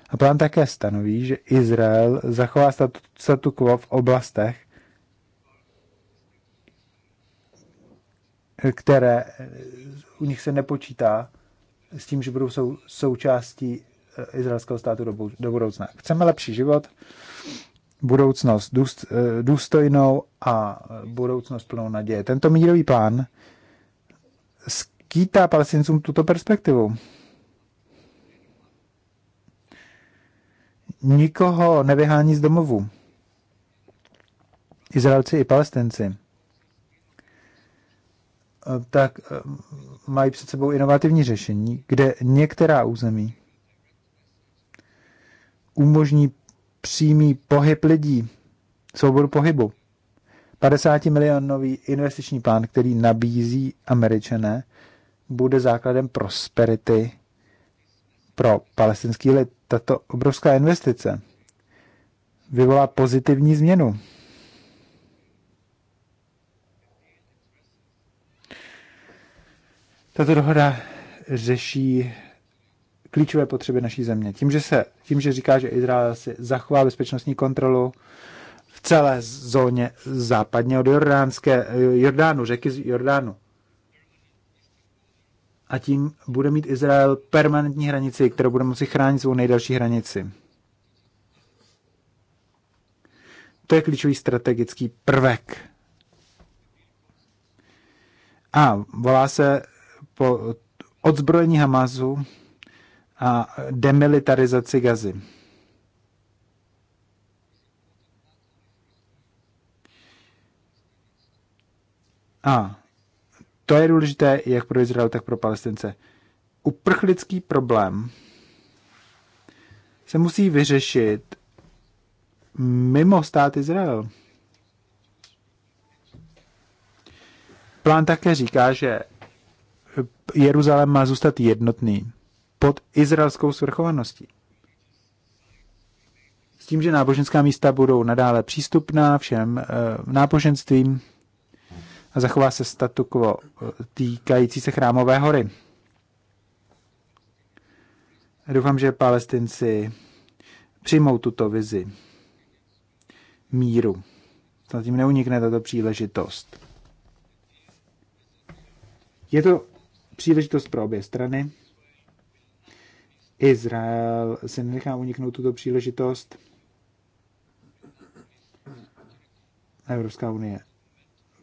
A plán také stanoví, že Izrael zachová statu, statu quo v oblastech, které u nich se nepočítá s tím, že budou sou, součástí eh, izraelského státu do, do budoucna. Chceme lepší život, budoucnost eh, důstojnou a budoucnost plnou naděje. Tento mírový plán skýtá palestincům tuto perspektivu. Nikoho nevyhání z domovu. Izraelci i palestinci tak eh, mají před sebou inovativní řešení, kde některá území umožní přímý pohyb lidí, svobodu pohybu. 50 milionový investiční plán, který nabízí američané, bude základem prosperity pro palestinský lid. Tato obrovská investice vyvolá pozitivní změnu. Tato dohoda řeší klíčové potřeby naší země. Tím, že, se, tím, že říká, že Izrael si zachová bezpečnostní kontrolu v celé zóně západně od Jordánské, Jordánu, řeky z Jordánu. A tím bude mít Izrael permanentní hranici, kterou bude moci chránit svou nejdelší hranici. To je klíčový strategický prvek. A volá se po odzbrojení Hamazu a demilitarizaci gazy. A to je důležité jak pro Izrael, tak pro Palestince. Uprchlický problém se musí vyřešit mimo stát Izrael. Plán také říká, že Jeruzalém má zůstat jednotný pod izraelskou svrchovaností. S tím, že náboženská místa budou nadále přístupná všem eh, náboženstvím a zachová se statu quo eh, týkající se chrámové hory. Doufám, že palestinci přijmou tuto vizi míru. Snad tím neunikne tato příležitost. Je to příležitost pro obě strany. Izrael se nenechá uniknout tuto příležitost. Evropská unie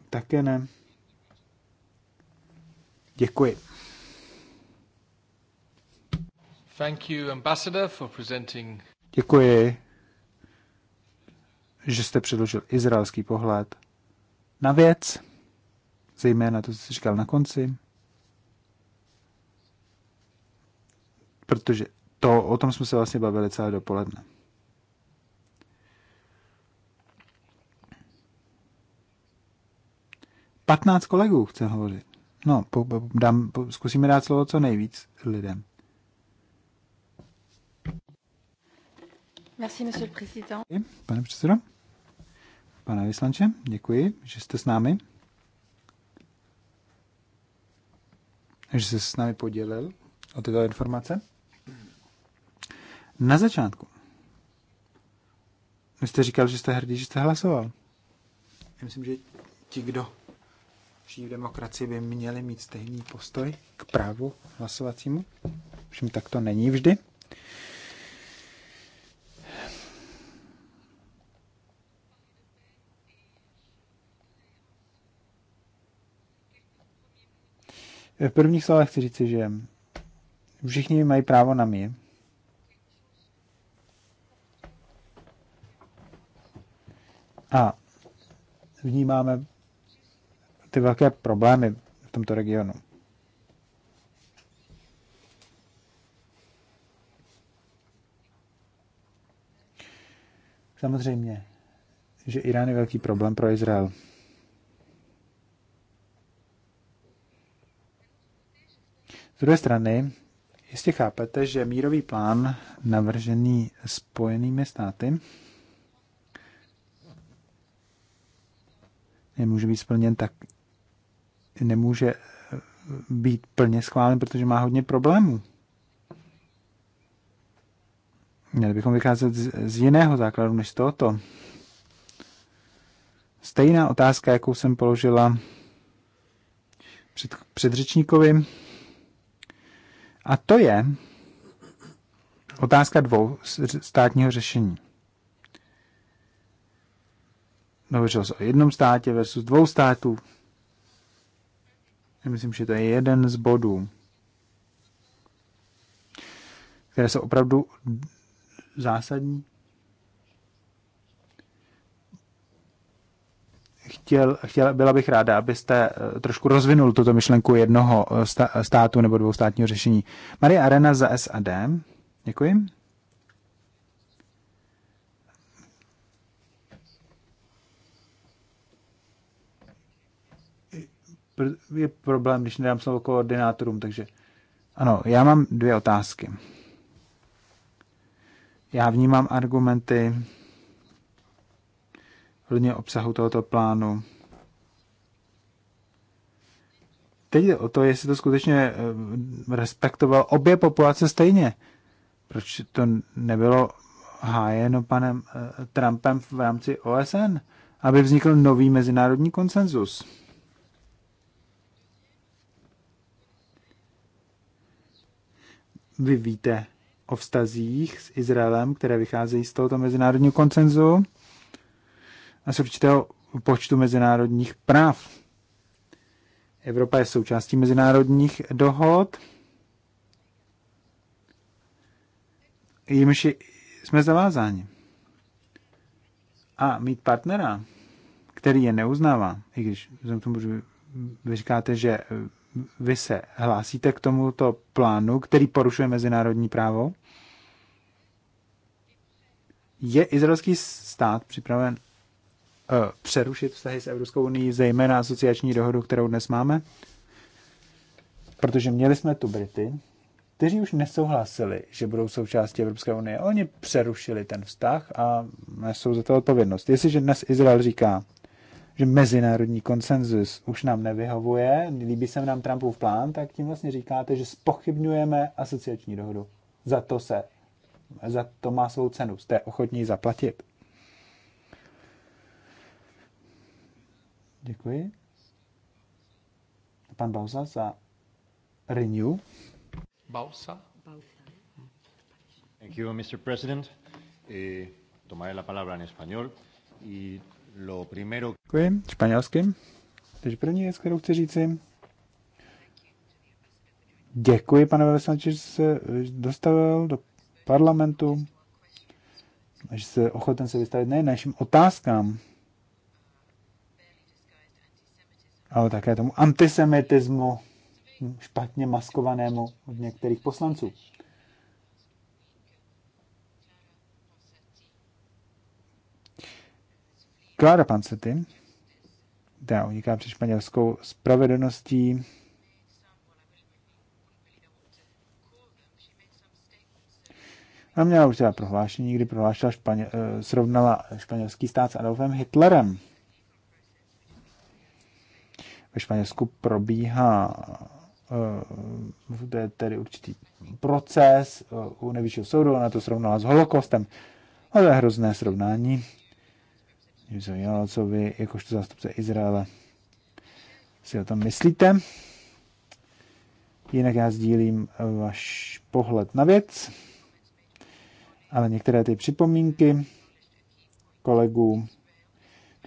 také ne. Děkuji. Thank you, ambassador, for presenting... Děkuji, že jste předložil izraelský pohled na věc, zejména to, co jste říkal na konci. protože to, o tom jsme se vlastně bavili celé dopoledne. Patnáct kolegů chce hovořit. No, po, po, dám, po, zkusíme dát slovo co nejvíc lidem. Merci, monsieur le président. Pane předsedo, pane vyslanče, děkuji, že jste s námi. Že jste s námi podělil o tyto informace. Na začátku. Vy jste říkal, že jste hrdý, že jste hlasoval. Já myslím, že ti, kdo žijí v demokracii, by měli mít stejný postoj k právu hlasovacímu. Všem tak to není vždy. V prvních slovech chci říci, že všichni mají právo na mě. A vnímáme ty velké problémy v tomto regionu. Samozřejmě, že Irán je velký problém pro Izrael. Z druhé strany, jistě chápete, že mírový plán navržený Spojenými státy nemůže být splněn, tak nemůže eh, být plně schválen, protože má hodně problémů. Měli bychom vycházet z, z jiného základu než z tohoto. Stejná otázka, jakou jsem položila před, předřečníkovi. A to je otázka dvou státního řešení. Hovořilo se o jednom státě versus dvou států. Já myslím, že to je jeden z bodů, které jsou opravdu zásadní. Chtěl, chtěl, byla bych ráda, abyste eh, trošku rozvinul tuto myšlenku jednoho eh, státu nebo dvoustátního řešení. Maria Arena za SAD. Děkuji. je problém, když nedám slovo koordinátorům, takže ano, já mám dvě otázky. Já vnímám argumenty hodně obsahu tohoto plánu. Teď jde o to, jestli to skutečně eh, respektoval obě populace stejně. Proč to nebylo hájeno panem eh, Trumpem v rámci OSN, aby vznikl nový mezinárodní konsenzus? vy víte o vztazích s Izraelem, které vycházejí z tohoto mezinárodního koncenzu a z určitého počtu mezinárodních práv. Evropa je součástí mezinárodních dohod, jimž jsme zavázáni. A mít partnera, který je neuznává, i když k tomu, že vy říkáte, že vy se hlásíte k tomuto plánu, který porušuje mezinárodní právo? Je izraelský stát připraven uh, přerušit vztahy s Evropskou unii, zejména asociační dohodu, kterou dnes máme? Protože měli jsme tu Brity, kteří už nesouhlasili, že budou součástí Evropské unie. Oni přerušili ten vztah a nesou za to odpovědnost. Jestliže dnes Izrael říká, že mezinárodní konsenzus už nám nevyhovuje, líbí se nám Trumpův plán, tak tím vlastně říkáte, že spochybňujeme asociační dohodu. Za to se, za to má svou cenu, jste ochotní zaplatit. Děkuji. Pan Bausa za Renew. Bausa. Thank you, Mr. President. Eh, tomaré la palabra en español y Lo primero... Děkuji, španělsky. Takže první věc, kterou chci říci, děkuji, pane Veslanči, že se eh, dostavil do parlamentu, že se ochoten se vystavit nejen našim otázkám, ale také tomu antisemitismu špatně maskovanému od některých poslanců. Klára Pancety, která uniká před španělskou spravedlností, A měla určitá prohlášení, kdy prohlášila španě, eh, srovnala španělský stát s Adolfem Hitlerem. Ve Španělsku probíhá eh, to je tedy určitý proces eh, u nejvyššího soudu, ona to srovnala s holokostem. Ale to je hrozné srovnání co vy, jakožto zástupce Izraele. Si o tom myslíte? Jinak já sdílím eh, váš pohled na věc, ale některé ty připomínky kolegů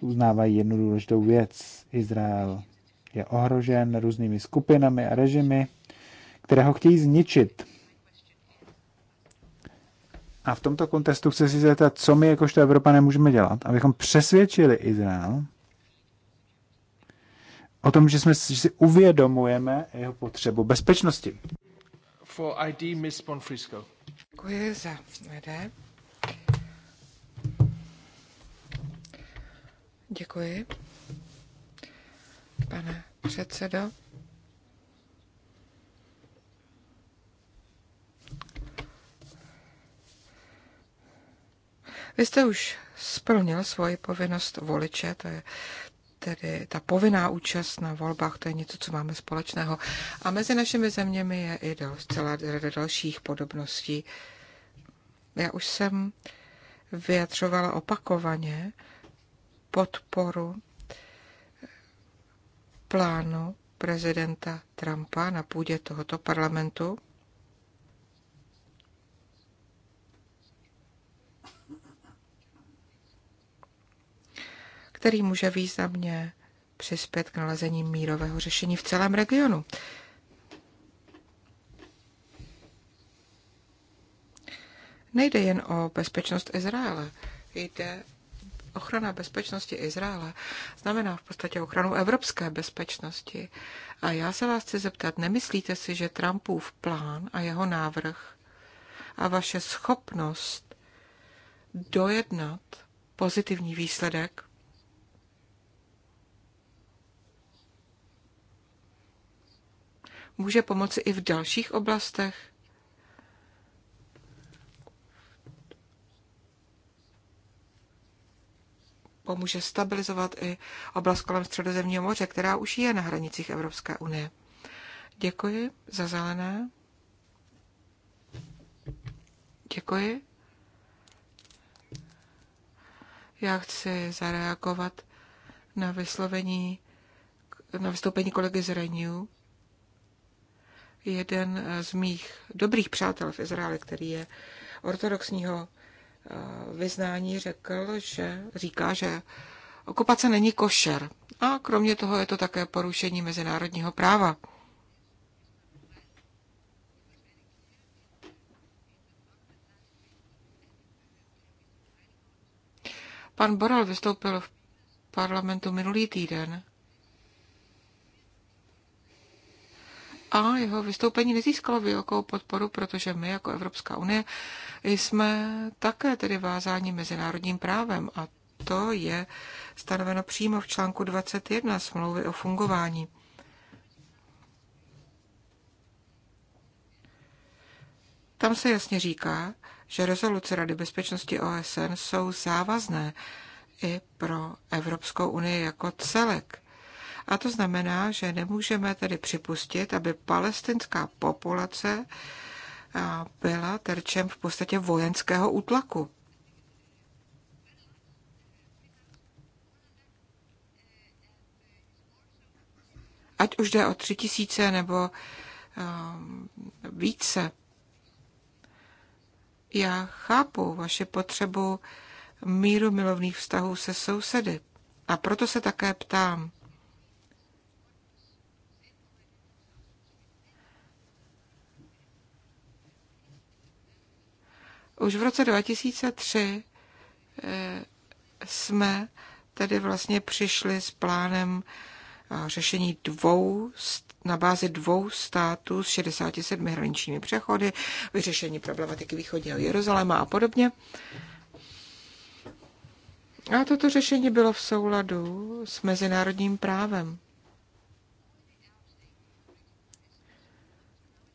uznávají jednu důležitou věc. Izrael je ohrožen různými skupinami a režimy, které ho chtějí zničit. A v tomto kontextu chci si zeptat, co my jakožto Evropa nemůžeme dělat, abychom přesvědčili Izrael o tom, že, jsme, že si uvědomujeme jeho potřebu bezpečnosti. For ID Miss Bonfrisco. Děkuji za vede. Děkuji, pane předsedo. Vy jste už splnil svoji povinnost voliče, to je tedy ta povinná účast na volbách, to je něco, co máme společného. A mezi našimi zeměmi je i dal, celá řada dalších podobností. Já už jsem vyjadřovala opakovaně podporu plánu prezidenta Trumpa na půdě tohoto parlamentu. který může významně přispět k nalezení mírového řešení v celém regionu. Nejde jen o bezpečnost Izraele, jde ochrana bezpečnosti Izraele znamená v podstatě ochranu evropské bezpečnosti. A já se vás chci zeptat, nemyslíte si, že Trumpův plán a jeho návrh a vaše schopnost dojednat pozitivní výsledek může pomoci i v dalších oblastech? Pomůže stabilizovat i oblast kolem Středozemního moře, která už je na hranicích Evropské unie. Děkuji za zelené. Děkuji. Já chci zareagovat na vyslovení, na vystoupení kolegy z Renew jeden eh, z mých dobrých přátel v Izraeli, který je ortodoxního eh, vyznání, řekl, že říká, že okupace není košer. A kromě toho je to také porušení mezinárodního práva. Pan Boral vystoupil v parlamentu minulý týden a jeho vystoupení nezískalo velkou podporu, protože my jako Evropská unie jsme také tedy vázáni mezinárodním právem a to je stanoveno přímo v článku 21 smlouvy o fungování. Tam se jasně říká, že rezoluce Rady bezpečnosti OSN jsou závazné i pro Evropskou unii jako celek. A to znamená, že nemůžeme tedy připustit, aby palestinská populace byla terčem v podstatě vojenského útlaku. Ať už jde o tři tisíce nebo více. Já chápu vaši potřebu míru milovných vztahů se sousedy. A proto se také ptám, Už v roce 2003 eh, jsme tedy vlastně přišli s plánem eh, řešení dvou na bázi dvou států s 67 hraničními přechody, vyřešení problematiky východního Jeruzaléma a podobně. A toto řešení bylo v souladu s mezinárodním právem.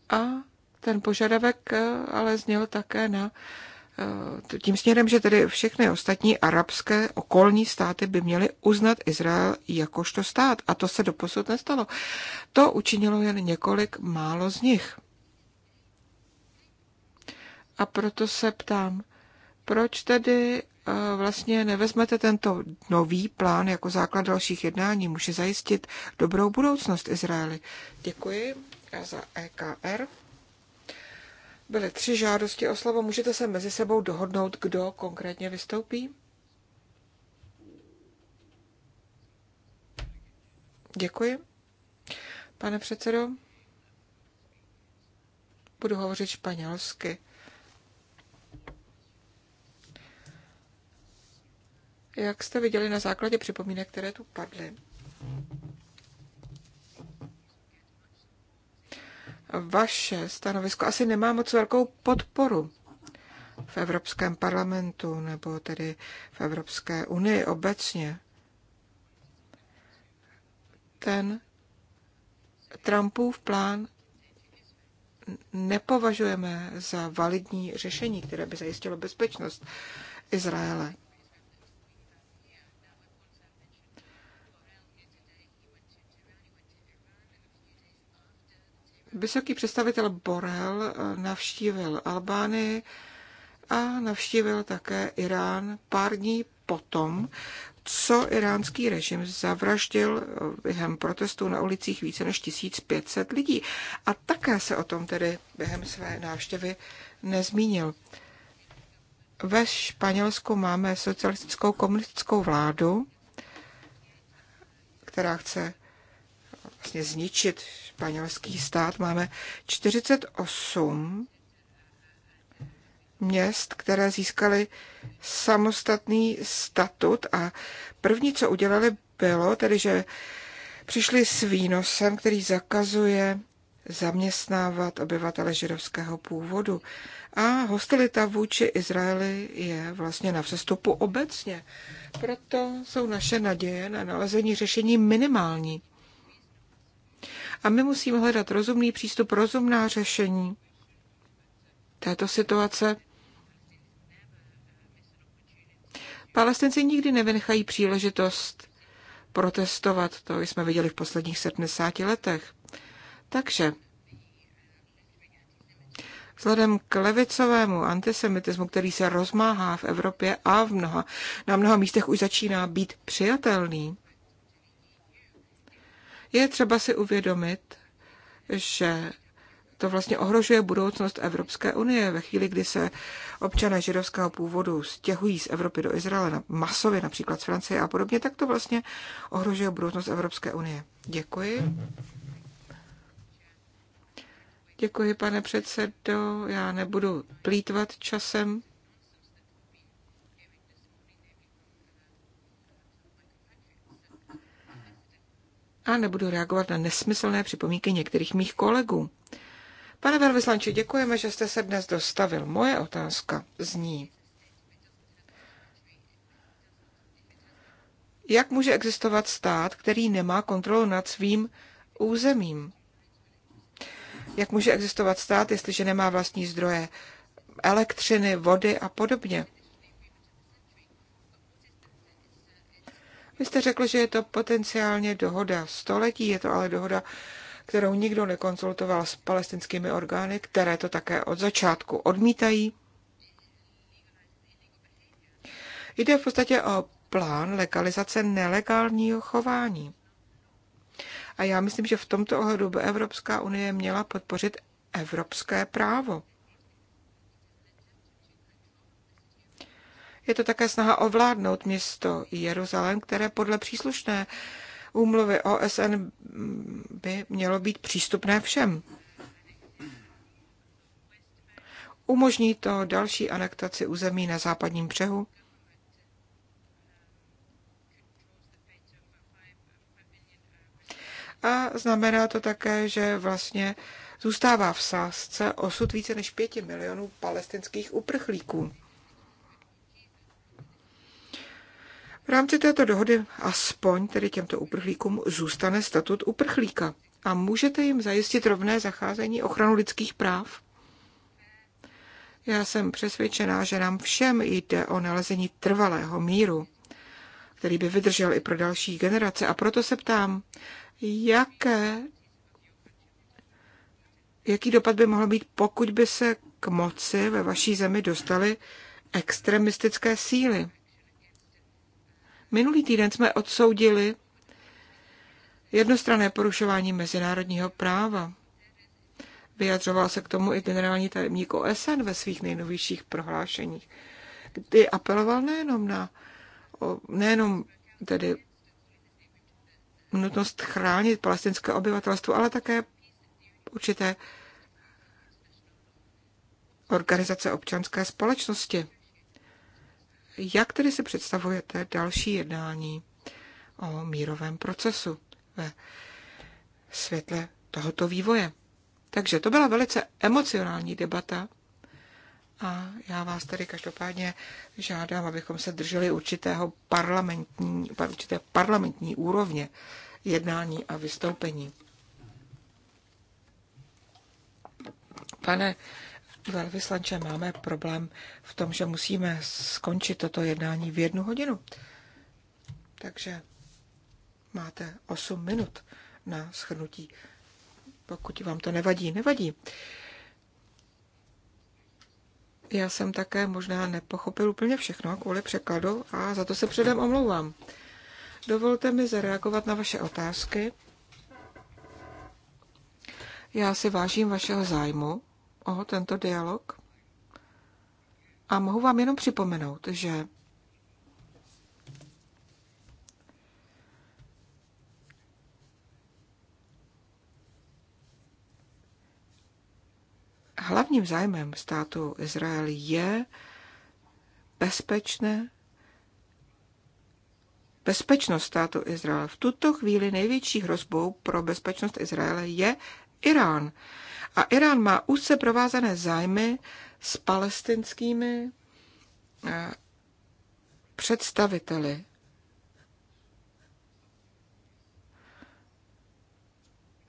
A ten požadavek eh, ale zněl také na eh, tím směrem, že tedy všechny ostatní arabské okolní státy by měly uznat Izrael jakožto stát. A to se doposud nestalo. To učinilo jen několik málo z nich. A proto se ptám, proč tedy eh, vlastně nevezmete tento nový plán jako základ dalších jednání? Může zajistit dobrou budoucnost Izraeli. Děkuji za EKR. Byly tři žádosti o slovo. Můžete se mezi sebou dohodnout, kdo konkrétně vystoupí? Děkuji. Pane předsedo, budu hovořit španělsky. Jak jste viděli na základě připomínek, které tu padly, vaše stanovisko asi nemá moc velkou podporu v Evropském parlamentu nebo tedy v Evropské unii obecně. Ten Trumpův plán nepovažujeme za validní řešení, které by zajistilo bezpečnost Izraele. Vysoký představitel Borel eh, navštívil Albánii a navštívil také Irán pár dní potom, co iránský režim zavraždil eh, během protestů na ulicích více než 1500 lidí. A také se o tom tedy během své návštěvy nezmínil. Ve Španělsku máme socialistickou komunistickou vládu, která chce vlastně zničit španělský stát máme 48 měst, které získaly samostatný statut a první, co udělali, bylo tedy, že přišli s výnosem, který zakazuje zaměstnávat obyvatele židovského původu. A hostilita vůči Izraeli je vlastně na přestupu obecně. Proto jsou naše naděje na nalezení řešení minimální. A my musíme hledat rozumný přístup, rozumná řešení této situace. Palestinci nikdy nevynechají příležitost protestovat, to jsme viděli v posledních 70 letech. Takže Vzhledem k levicovému antisemitismu, který se rozmáhá v Evropě a v mnoha, na mnoha místech už začíná být přijatelný, je třeba si uvědomit, že to vlastně ohrožuje budoucnost Evropské unie ve chvíli, kdy se občané židovského původu stěhují z Evropy do Izraele, masově například z Francie a podobně, tak to vlastně ohrožuje budoucnost Evropské unie. Děkuji. Děkuji, pane předsedo. Já nebudu plítvat časem. a nebudu reagovat na nesmyslné připomínky některých mých kolegů. Pane velvyslanče, děkujeme, že jste se dnes dostavil. Moje otázka zní. Jak může existovat stát, který nemá kontrolu nad svým územím? Jak může existovat stát, jestliže nemá vlastní zdroje elektřiny, vody a podobně? Vy jste řekl, že je to potenciálně dohoda století, je to ale dohoda, kterou nikdo nekonzultoval s palestinskými orgány, které to také od začátku odmítají. Jde v podstatě o plán legalizace nelegálního chování. A já myslím, že v tomto ohledu by Evropská unie měla podpořit evropské právo. Je to také snaha ovládnout město Jeruzalém, které podle příslušné úmluvy OSN by mělo být přístupné všem. Umožní to další anektaci území na západním břehu, a znamená to také, že vlastně zůstává v sázce osud více než pěti milionů palestinských uprchlíků. V rámci této dohody aspoň tedy těmto uprchlíkům zůstane statut uprchlíka a můžete jim zajistit rovné zacházení ochranu lidských práv. Já jsem přesvědčená, že nám všem jde o nalezení trvalého míru, který by vydržel i pro další generace. A proto se ptám, jaké, jaký dopad by mohl být, pokud by se k moci ve vaší zemi dostaly extremistické síly. Minulý týden jsme odsoudili jednostranné porušování mezinárodního práva. Vyjadřoval se k tomu i generální tajemník OSN ve svých nejnovějších prohlášeních, kdy apeloval nejenom na nejenom tedy nutnost chránit palestinské obyvatelstvo, ale také určité organizace občanské společnosti jak tedy si představujete další jednání o mírovém procesu ve světle tohoto vývoje. Takže to byla velice emocionální debata a já vás tady každopádně žádám, abychom se drželi určitého parlamentní, určité parlamentní úrovně jednání a vystoupení. Pane velvyslanče, máme problém v tom, že musíme skončit toto jednání v jednu hodinu. Takže máte 8 minut na shrnutí. Pokud vám to nevadí, nevadí. Já jsem také možná nepochopil úplně všechno kvůli překladu a za to se předem omlouvám. Dovolte mi zareagovat na vaše otázky. Já si vážím vašeho zájmu o tento dialog. A mohu vám jenom připomenout, že hlavním zájmem státu Izrael je bezpečné bezpečnost státu Izrael. V tuto chvíli největší hrozbou pro bezpečnost Izraele je Irán. A Irán má úzce provázané zájmy s palestinskými eh, představiteli.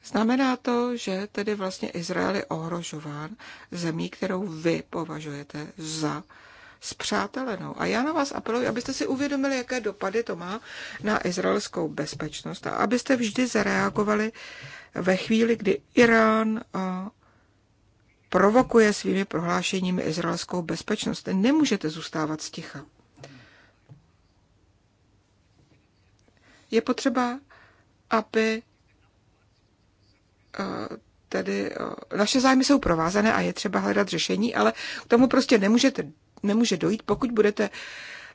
Znamená to, že tedy vlastně Izrael je ohrožován zemí, kterou vy považujete za uh, s přátelenou. A já na vás apeluji, abyste si uvědomili, jaké dopady to má na izraelskou bezpečnost a abyste vždy zareagovali ve chvíli, kdy Irán eh, provokuje svými prohlášeními izraelskou bezpečnost. Nemůžete zůstávat sticha. Je potřeba, aby eh, tedy naše zájmy jsou provázané a je třeba hledat řešení, ale k tomu prostě nemůžete, nemůže dojít, pokud budete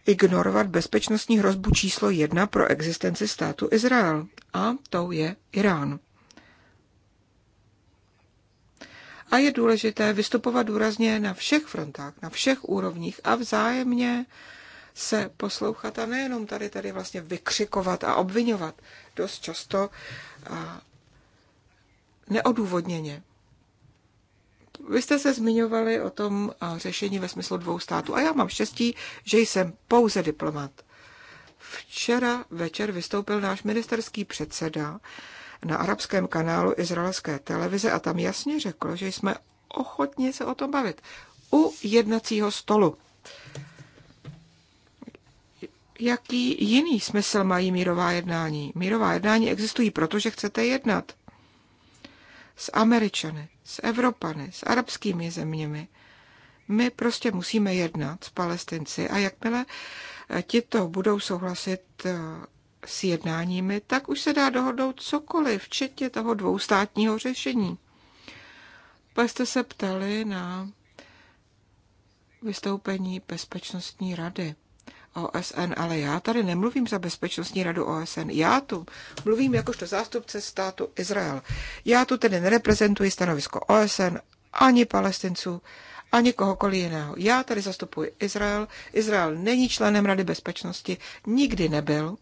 ignorovat bezpečnostní hrozbu číslo jedna pro existenci státu Izrael. A to je Irán. A je důležité vystupovat důrazně na všech frontách, na všech úrovních a vzájemně se poslouchat a nejenom tady tady vlastně vykřikovat a obvinovat. Dost často neodůvodněně. Vy jste se zmiňovali o tom řešení ve smyslu dvou států a já mám štěstí, že jsem pouze diplomat. Včera večer vystoupil náš ministerský předseda na arabském kanálu izraelské televize a tam jasně řekl, že jsme ochotni se o tom bavit u jednacího stolu. Jaký jiný smysl mají mírová jednání? Mírová jednání existují proto, že chcete jednat s Američany, s Evropany, s arabskými zeměmi. My prostě musíme jednat s Palestinci a jakmile eh, tito budou souhlasit eh, s jednáními, tak už se dá dohodnout cokoliv, včetně toho dvoustátního řešení. Pak jste se ptali na vystoupení Bezpečnostní rady. OSN, ale já tady nemluvím za Bezpečnostní radu OSN. Já tu mluvím jakožto zástupce státu Izrael. Já tu tedy nereprezentuji stanovisko OSN ani palestinců, ani kohokoliv jiného. Já tady zastupuji Izrael. Izrael není členem Rady bezpečnosti, nikdy nebyl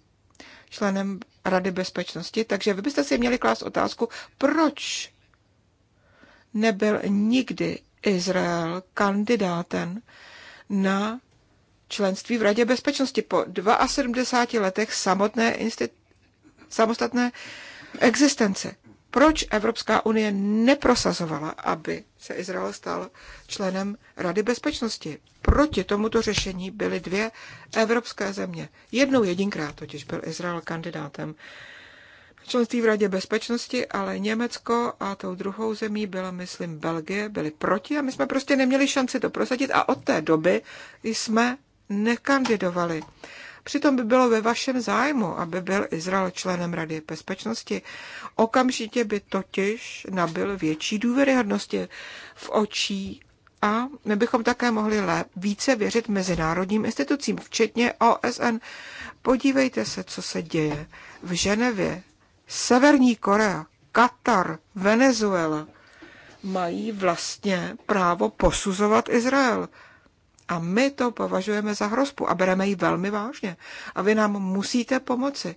členem Rady bezpečnosti, takže vy byste si měli klást otázku, proč nebyl nikdy Izrael kandidátem na členství v Radě bezpečnosti. Po 72 letech samotné instit... samostatné existence. Proč Evropská unie neprosazovala, aby se Izrael stal členem Rady bezpečnosti? Proti tomuto řešení byly dvě evropské země. Jednou jedinkrát totiž byl Izrael kandidátem členství v Radě bezpečnosti, ale Německo a tou druhou zemí byla, myslím, Belgie, byly proti a my jsme prostě neměli šanci to prosadit a od té doby jsme nekandidovali. Přitom by bylo ve vašem zájmu, aby byl Izrael členem Rady bezpečnosti. Okamžitě by totiž nabil větší důvěryhodnosti v očí a my bychom také mohli více věřit mezinárodním institucím, včetně OSN. Podívejte se, co se děje v Ženevě, Severní Korea, Katar, Venezuela mají vlastně právo posuzovat Izrael. A my to považujeme za hrozbu a bereme ji velmi vážně. A vy nám musíte pomoci.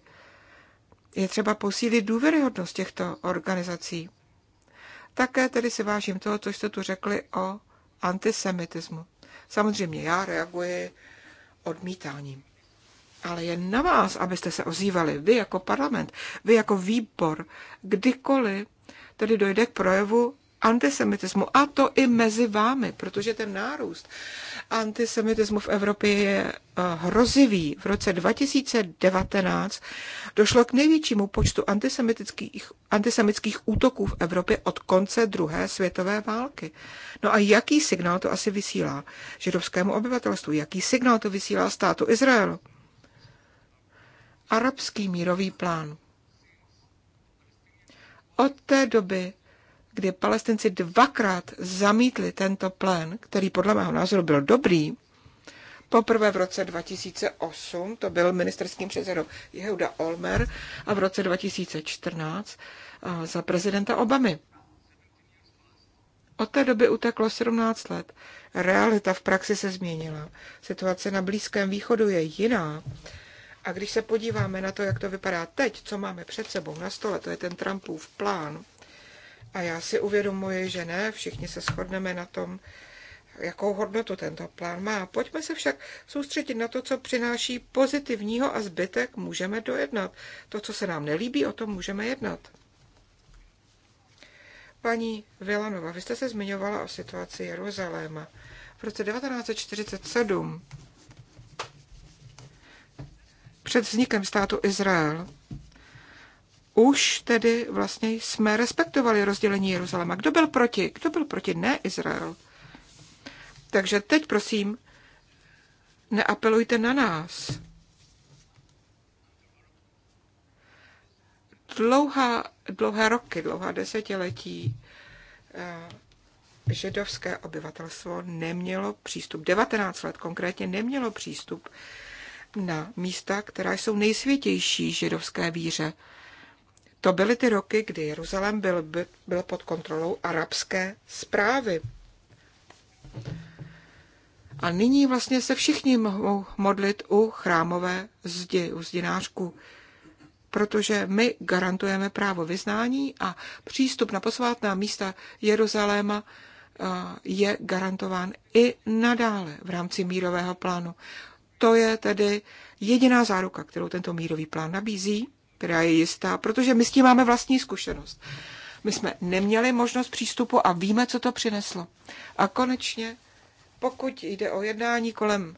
Je třeba posílit důvěryhodnost těchto organizací. Také tedy si vážím toho, co jste tu řekli o antisemitismu. Samozřejmě já reaguji odmítáním. Ale je na vás, abyste se ozývali, vy jako parlament, vy jako výbor, kdykoliv tedy dojde k projevu antisemitismu. A to i mezi vámi, protože ten nárůst antisemitismu v Evropě je eh, hrozivý. V roce 2019 došlo k největšímu počtu antisemitických, antisemitských útoků v Evropě od konce druhé světové války. No a jaký signál to asi vysílá židovskému obyvatelstvu? Jaký signál to vysílá státu Izrael? Arabský mírový plán. Od té doby kdy palestinci dvakrát zamítli tento plán, který podle mého názoru byl dobrý, Poprvé v roce 2008, to byl ministerským předsedou Jehuda Olmer, a v roce 2014 eh, za prezidenta Obamy. Od té doby uteklo 17 let. Realita v praxi se změnila. Situace na Blízkém východu je jiná. A když se podíváme na to, jak to vypadá teď, co máme před sebou na stole, to je ten Trumpův plán, a já si uvědomuji, že ne, všichni se shodneme na tom, jakou hodnotu tento plán má. Pojďme se však soustředit na to, co přináší pozitivního a zbytek můžeme dojednat. To, co se nám nelíbí, o tom můžeme jednat. Paní Vilanova, vy jste se zmiňovala o situaci Jeruzaléma. V roce 1947 před vznikem státu Izrael už tedy vlastně jsme respektovali rozdělení Jeruzalema. Kdo byl proti? Kdo byl proti? Ne Izrael. Takže teď prosím, neapelujte na nás. Dlouhá, dlouhé roky, dlouhá desetiletí eh, židovské obyvatelstvo nemělo přístup, 19 let konkrétně nemělo přístup na místa, která jsou nejsvětější židovské víře. To byly ty roky, kdy Jeruzalém byl, byl pod kontrolou arabské zprávy. A nyní vlastně se všichni mohou modlit u chrámové zdi, u zdinářku, protože my garantujeme právo vyznání a přístup na posvátná místa Jeruzaléma eh, je garantován i nadále v rámci mírového plánu. To je tedy jediná záruka, kterou tento mírový plán nabízí která je jistá, protože my s tím máme vlastní zkušenost. My jsme neměli možnost přístupu a víme, co to přineslo. A konečně, pokud jde o jednání kolem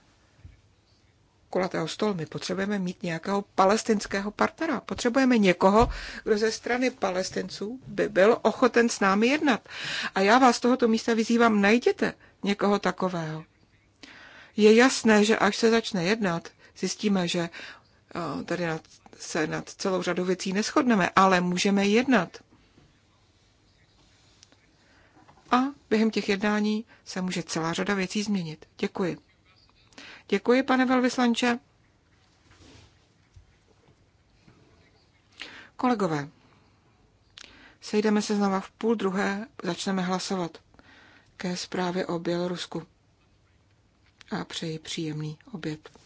kulatého stolu, my potřebujeme mít nějakého palestinského partnera. Potřebujeme někoho, kdo ze strany palestinců by byl ochoten s námi jednat. A já vás z tohoto místa vyzývám, najděte někoho takového. Je jasné, že až se začne jednat, zjistíme, že eh, tady na se nad celou řadou věcí neschodneme, ale můžeme jednat. A během těch jednání se může celá řada věcí změnit. Děkuji. Děkuji, pane velvyslanče. Kolegové, sejdeme se znova v půl druhé, začneme hlasovat ke zprávě o Bělorusku a přeji příjemný oběd.